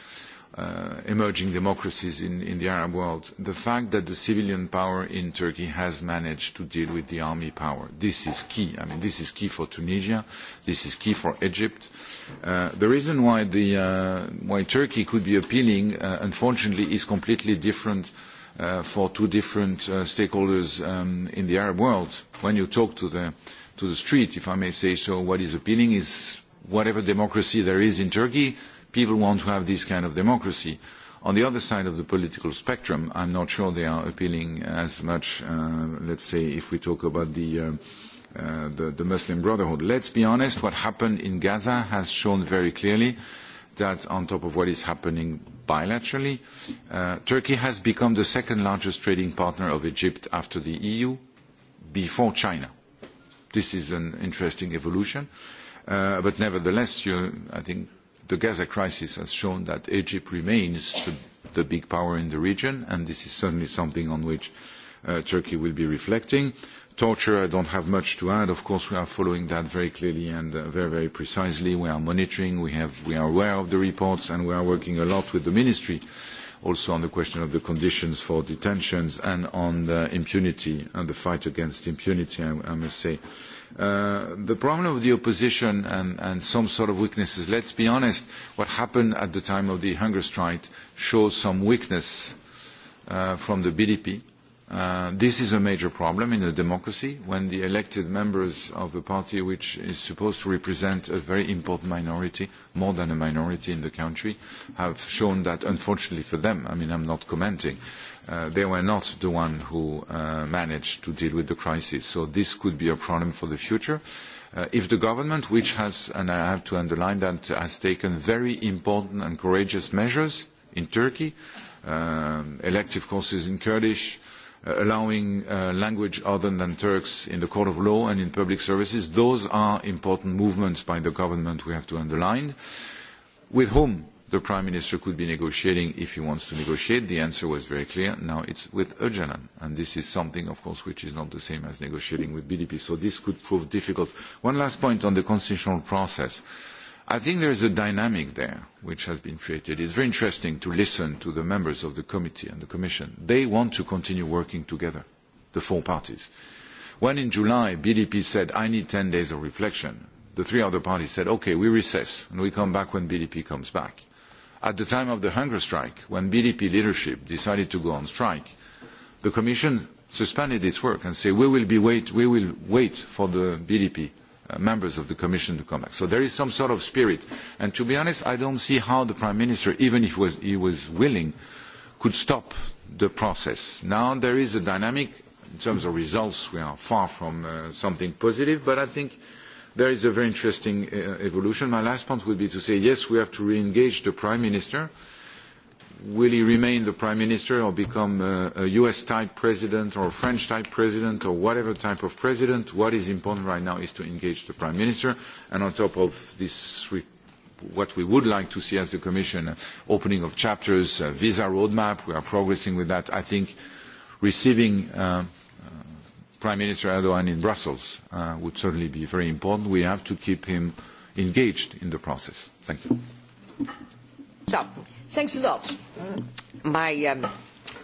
uh, emerging democracies in, in the Arab world. The fact that the civilian power in Turkey has managed to deal with the army power. This is key. I mean, this is key for Tunisia. This is key for Egypt. Uh, the reason why, the, why Turkey could be appealing, unfortunately, is completely different for two different stakeholders in the Arab world. When you talk to the, to the street, if I may say so, what is appealing is whatever democracy there is in Turkey, people want to have this kind of democracy. On the other side of the political spectrum, I'm not sure they are appealing as much, let's say, if we talk about the the, the Muslim Brotherhood. Let's be honest, what happened in Gaza has shown very clearly that on top of what is happening bilaterally, uh, Turkey has become the second largest trading partner of Egypt after the EU, before China. This is an interesting evolution. Uh, but nevertheless, you, I think the Gaza crisis has shown that Egypt remains the, the big power in the region, and this is certainly something on which uh, Turkey will be reflecting. Torture, I don't have much to add. Of course, we are following that very clearly and very, very precisely. We are monitoring. We are aware of the reports, and we are working a lot with the ministry also on the question of the conditions for detentions and on the impunity and the fight against impunity, I must say. The problem of the opposition and some sort of weaknesses, let's be honest, what happened at the time of the hunger strike shows some weakness from the BDP this is a major problem in a democracy when the elected members of a party which is supposed to represent a very important minority, more than a minority in the country, have shown that, unfortunately for them, I mean, I'm not commenting, they were not the one who managed to deal with the crisis. So this could be a problem for the future. if the government, which has, and I have to underline that, has taken very important and courageous measures in Turkey, elective courses in Kurdish, allowing language other than Turks in the court of law and in public services. Those are important movements by the government we have to underline. With whom the Prime Minister could be negotiating if he wants to negotiate, the answer was very clear. Now it's with Öcalan. And this is something, of course, which is not the same as negotiating with BDP. So this could prove difficult. One last point on the constitutional process. Uh, I think there is a dynamic there which has been created. It's very interesting to listen to the members of the committee and the commission. They want to continue working together, the four parties. When in July BDP said, I need 10 days of reflection, the three other parties said, okay, we recess and we come back when BDP comes back. At the time of the hunger strike, when BDP leadership decided to go on strike, the Commission suspended its work and said, we will, be wait, we will wait for the BDP members of the Commission to come back. So there is some sort of spirit. And to be honest, I don't see how the Prime Minister, even if he was willing, could stop the process. Now there is a dynamic. In terms of results, we are far from something positive, but I think there is a very interesting evolution. My last point would be to say, yes, we have to re-engage the Prime Minister will he remain the prime minister or become a US type president or a French type president or whatever type of president? What is important right now is to engage the prime minister. And on top of this, what we would like to see as the Commission, opening of chapters, a visa roadmap, we are progressing with that. I think receiving Prime Minister Erdogan in Brussels would certainly be very important. We have to keep him engaged in the process. Thank you. Thanks a lot. My um,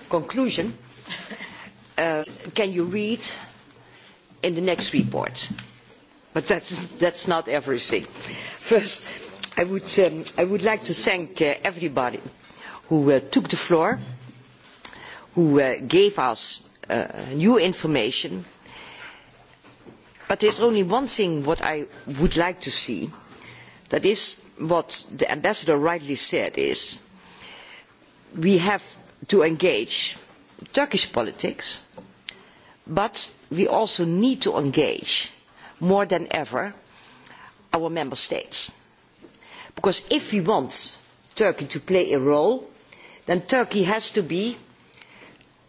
conclusion uh, can you read in the next report? But that's, that's not everything. First, I would, um, I would like to thank uh, everybody who uh, took the floor, who uh, gave us uh, new information. But there's only one thing what I would like to see. That is what the ambassador rightly said is we have to engage Turkish politics, but we also need to engage more than ever our member states. Because if we want Turkey to play a role, then Turkey has to be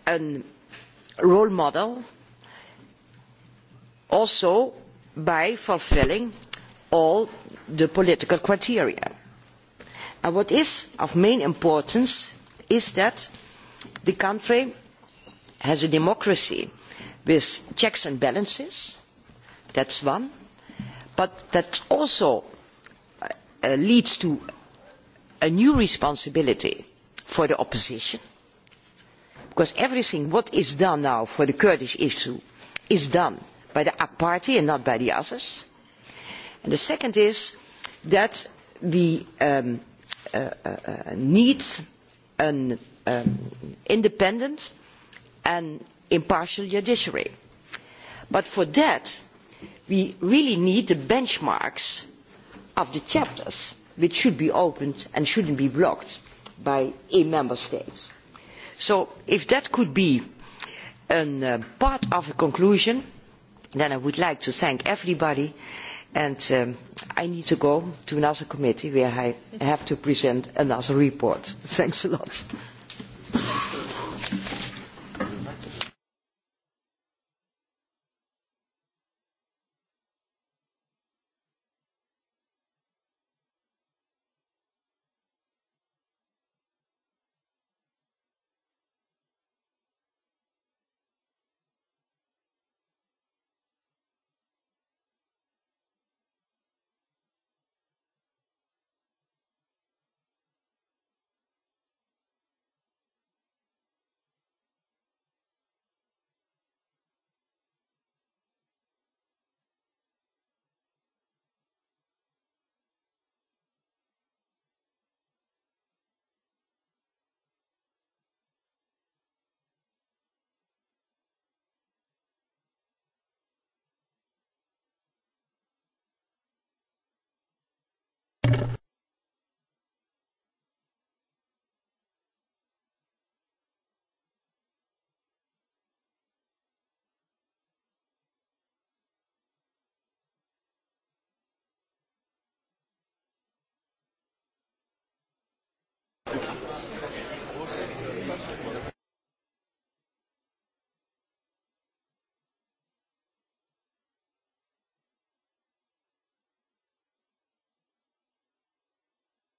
a role model also by fulfilling all the political criteria. what is of main importance is that the country has a democracy with checks and balances. That's one. But that also leads to a new responsibility for the opposition. Because everything what is done now for the Kurdish issue is done by the AK party and not by the others. And the second is that we need an independent and impartial judiciary. But for that, we really need the benchmarks of the chapters, which should be opened and shouldn't be blocked by a member state. So if that could be a part of a conclusion, then I would like to thank everybody And I need to go to another committee where I have to present another report. Thanks a lot.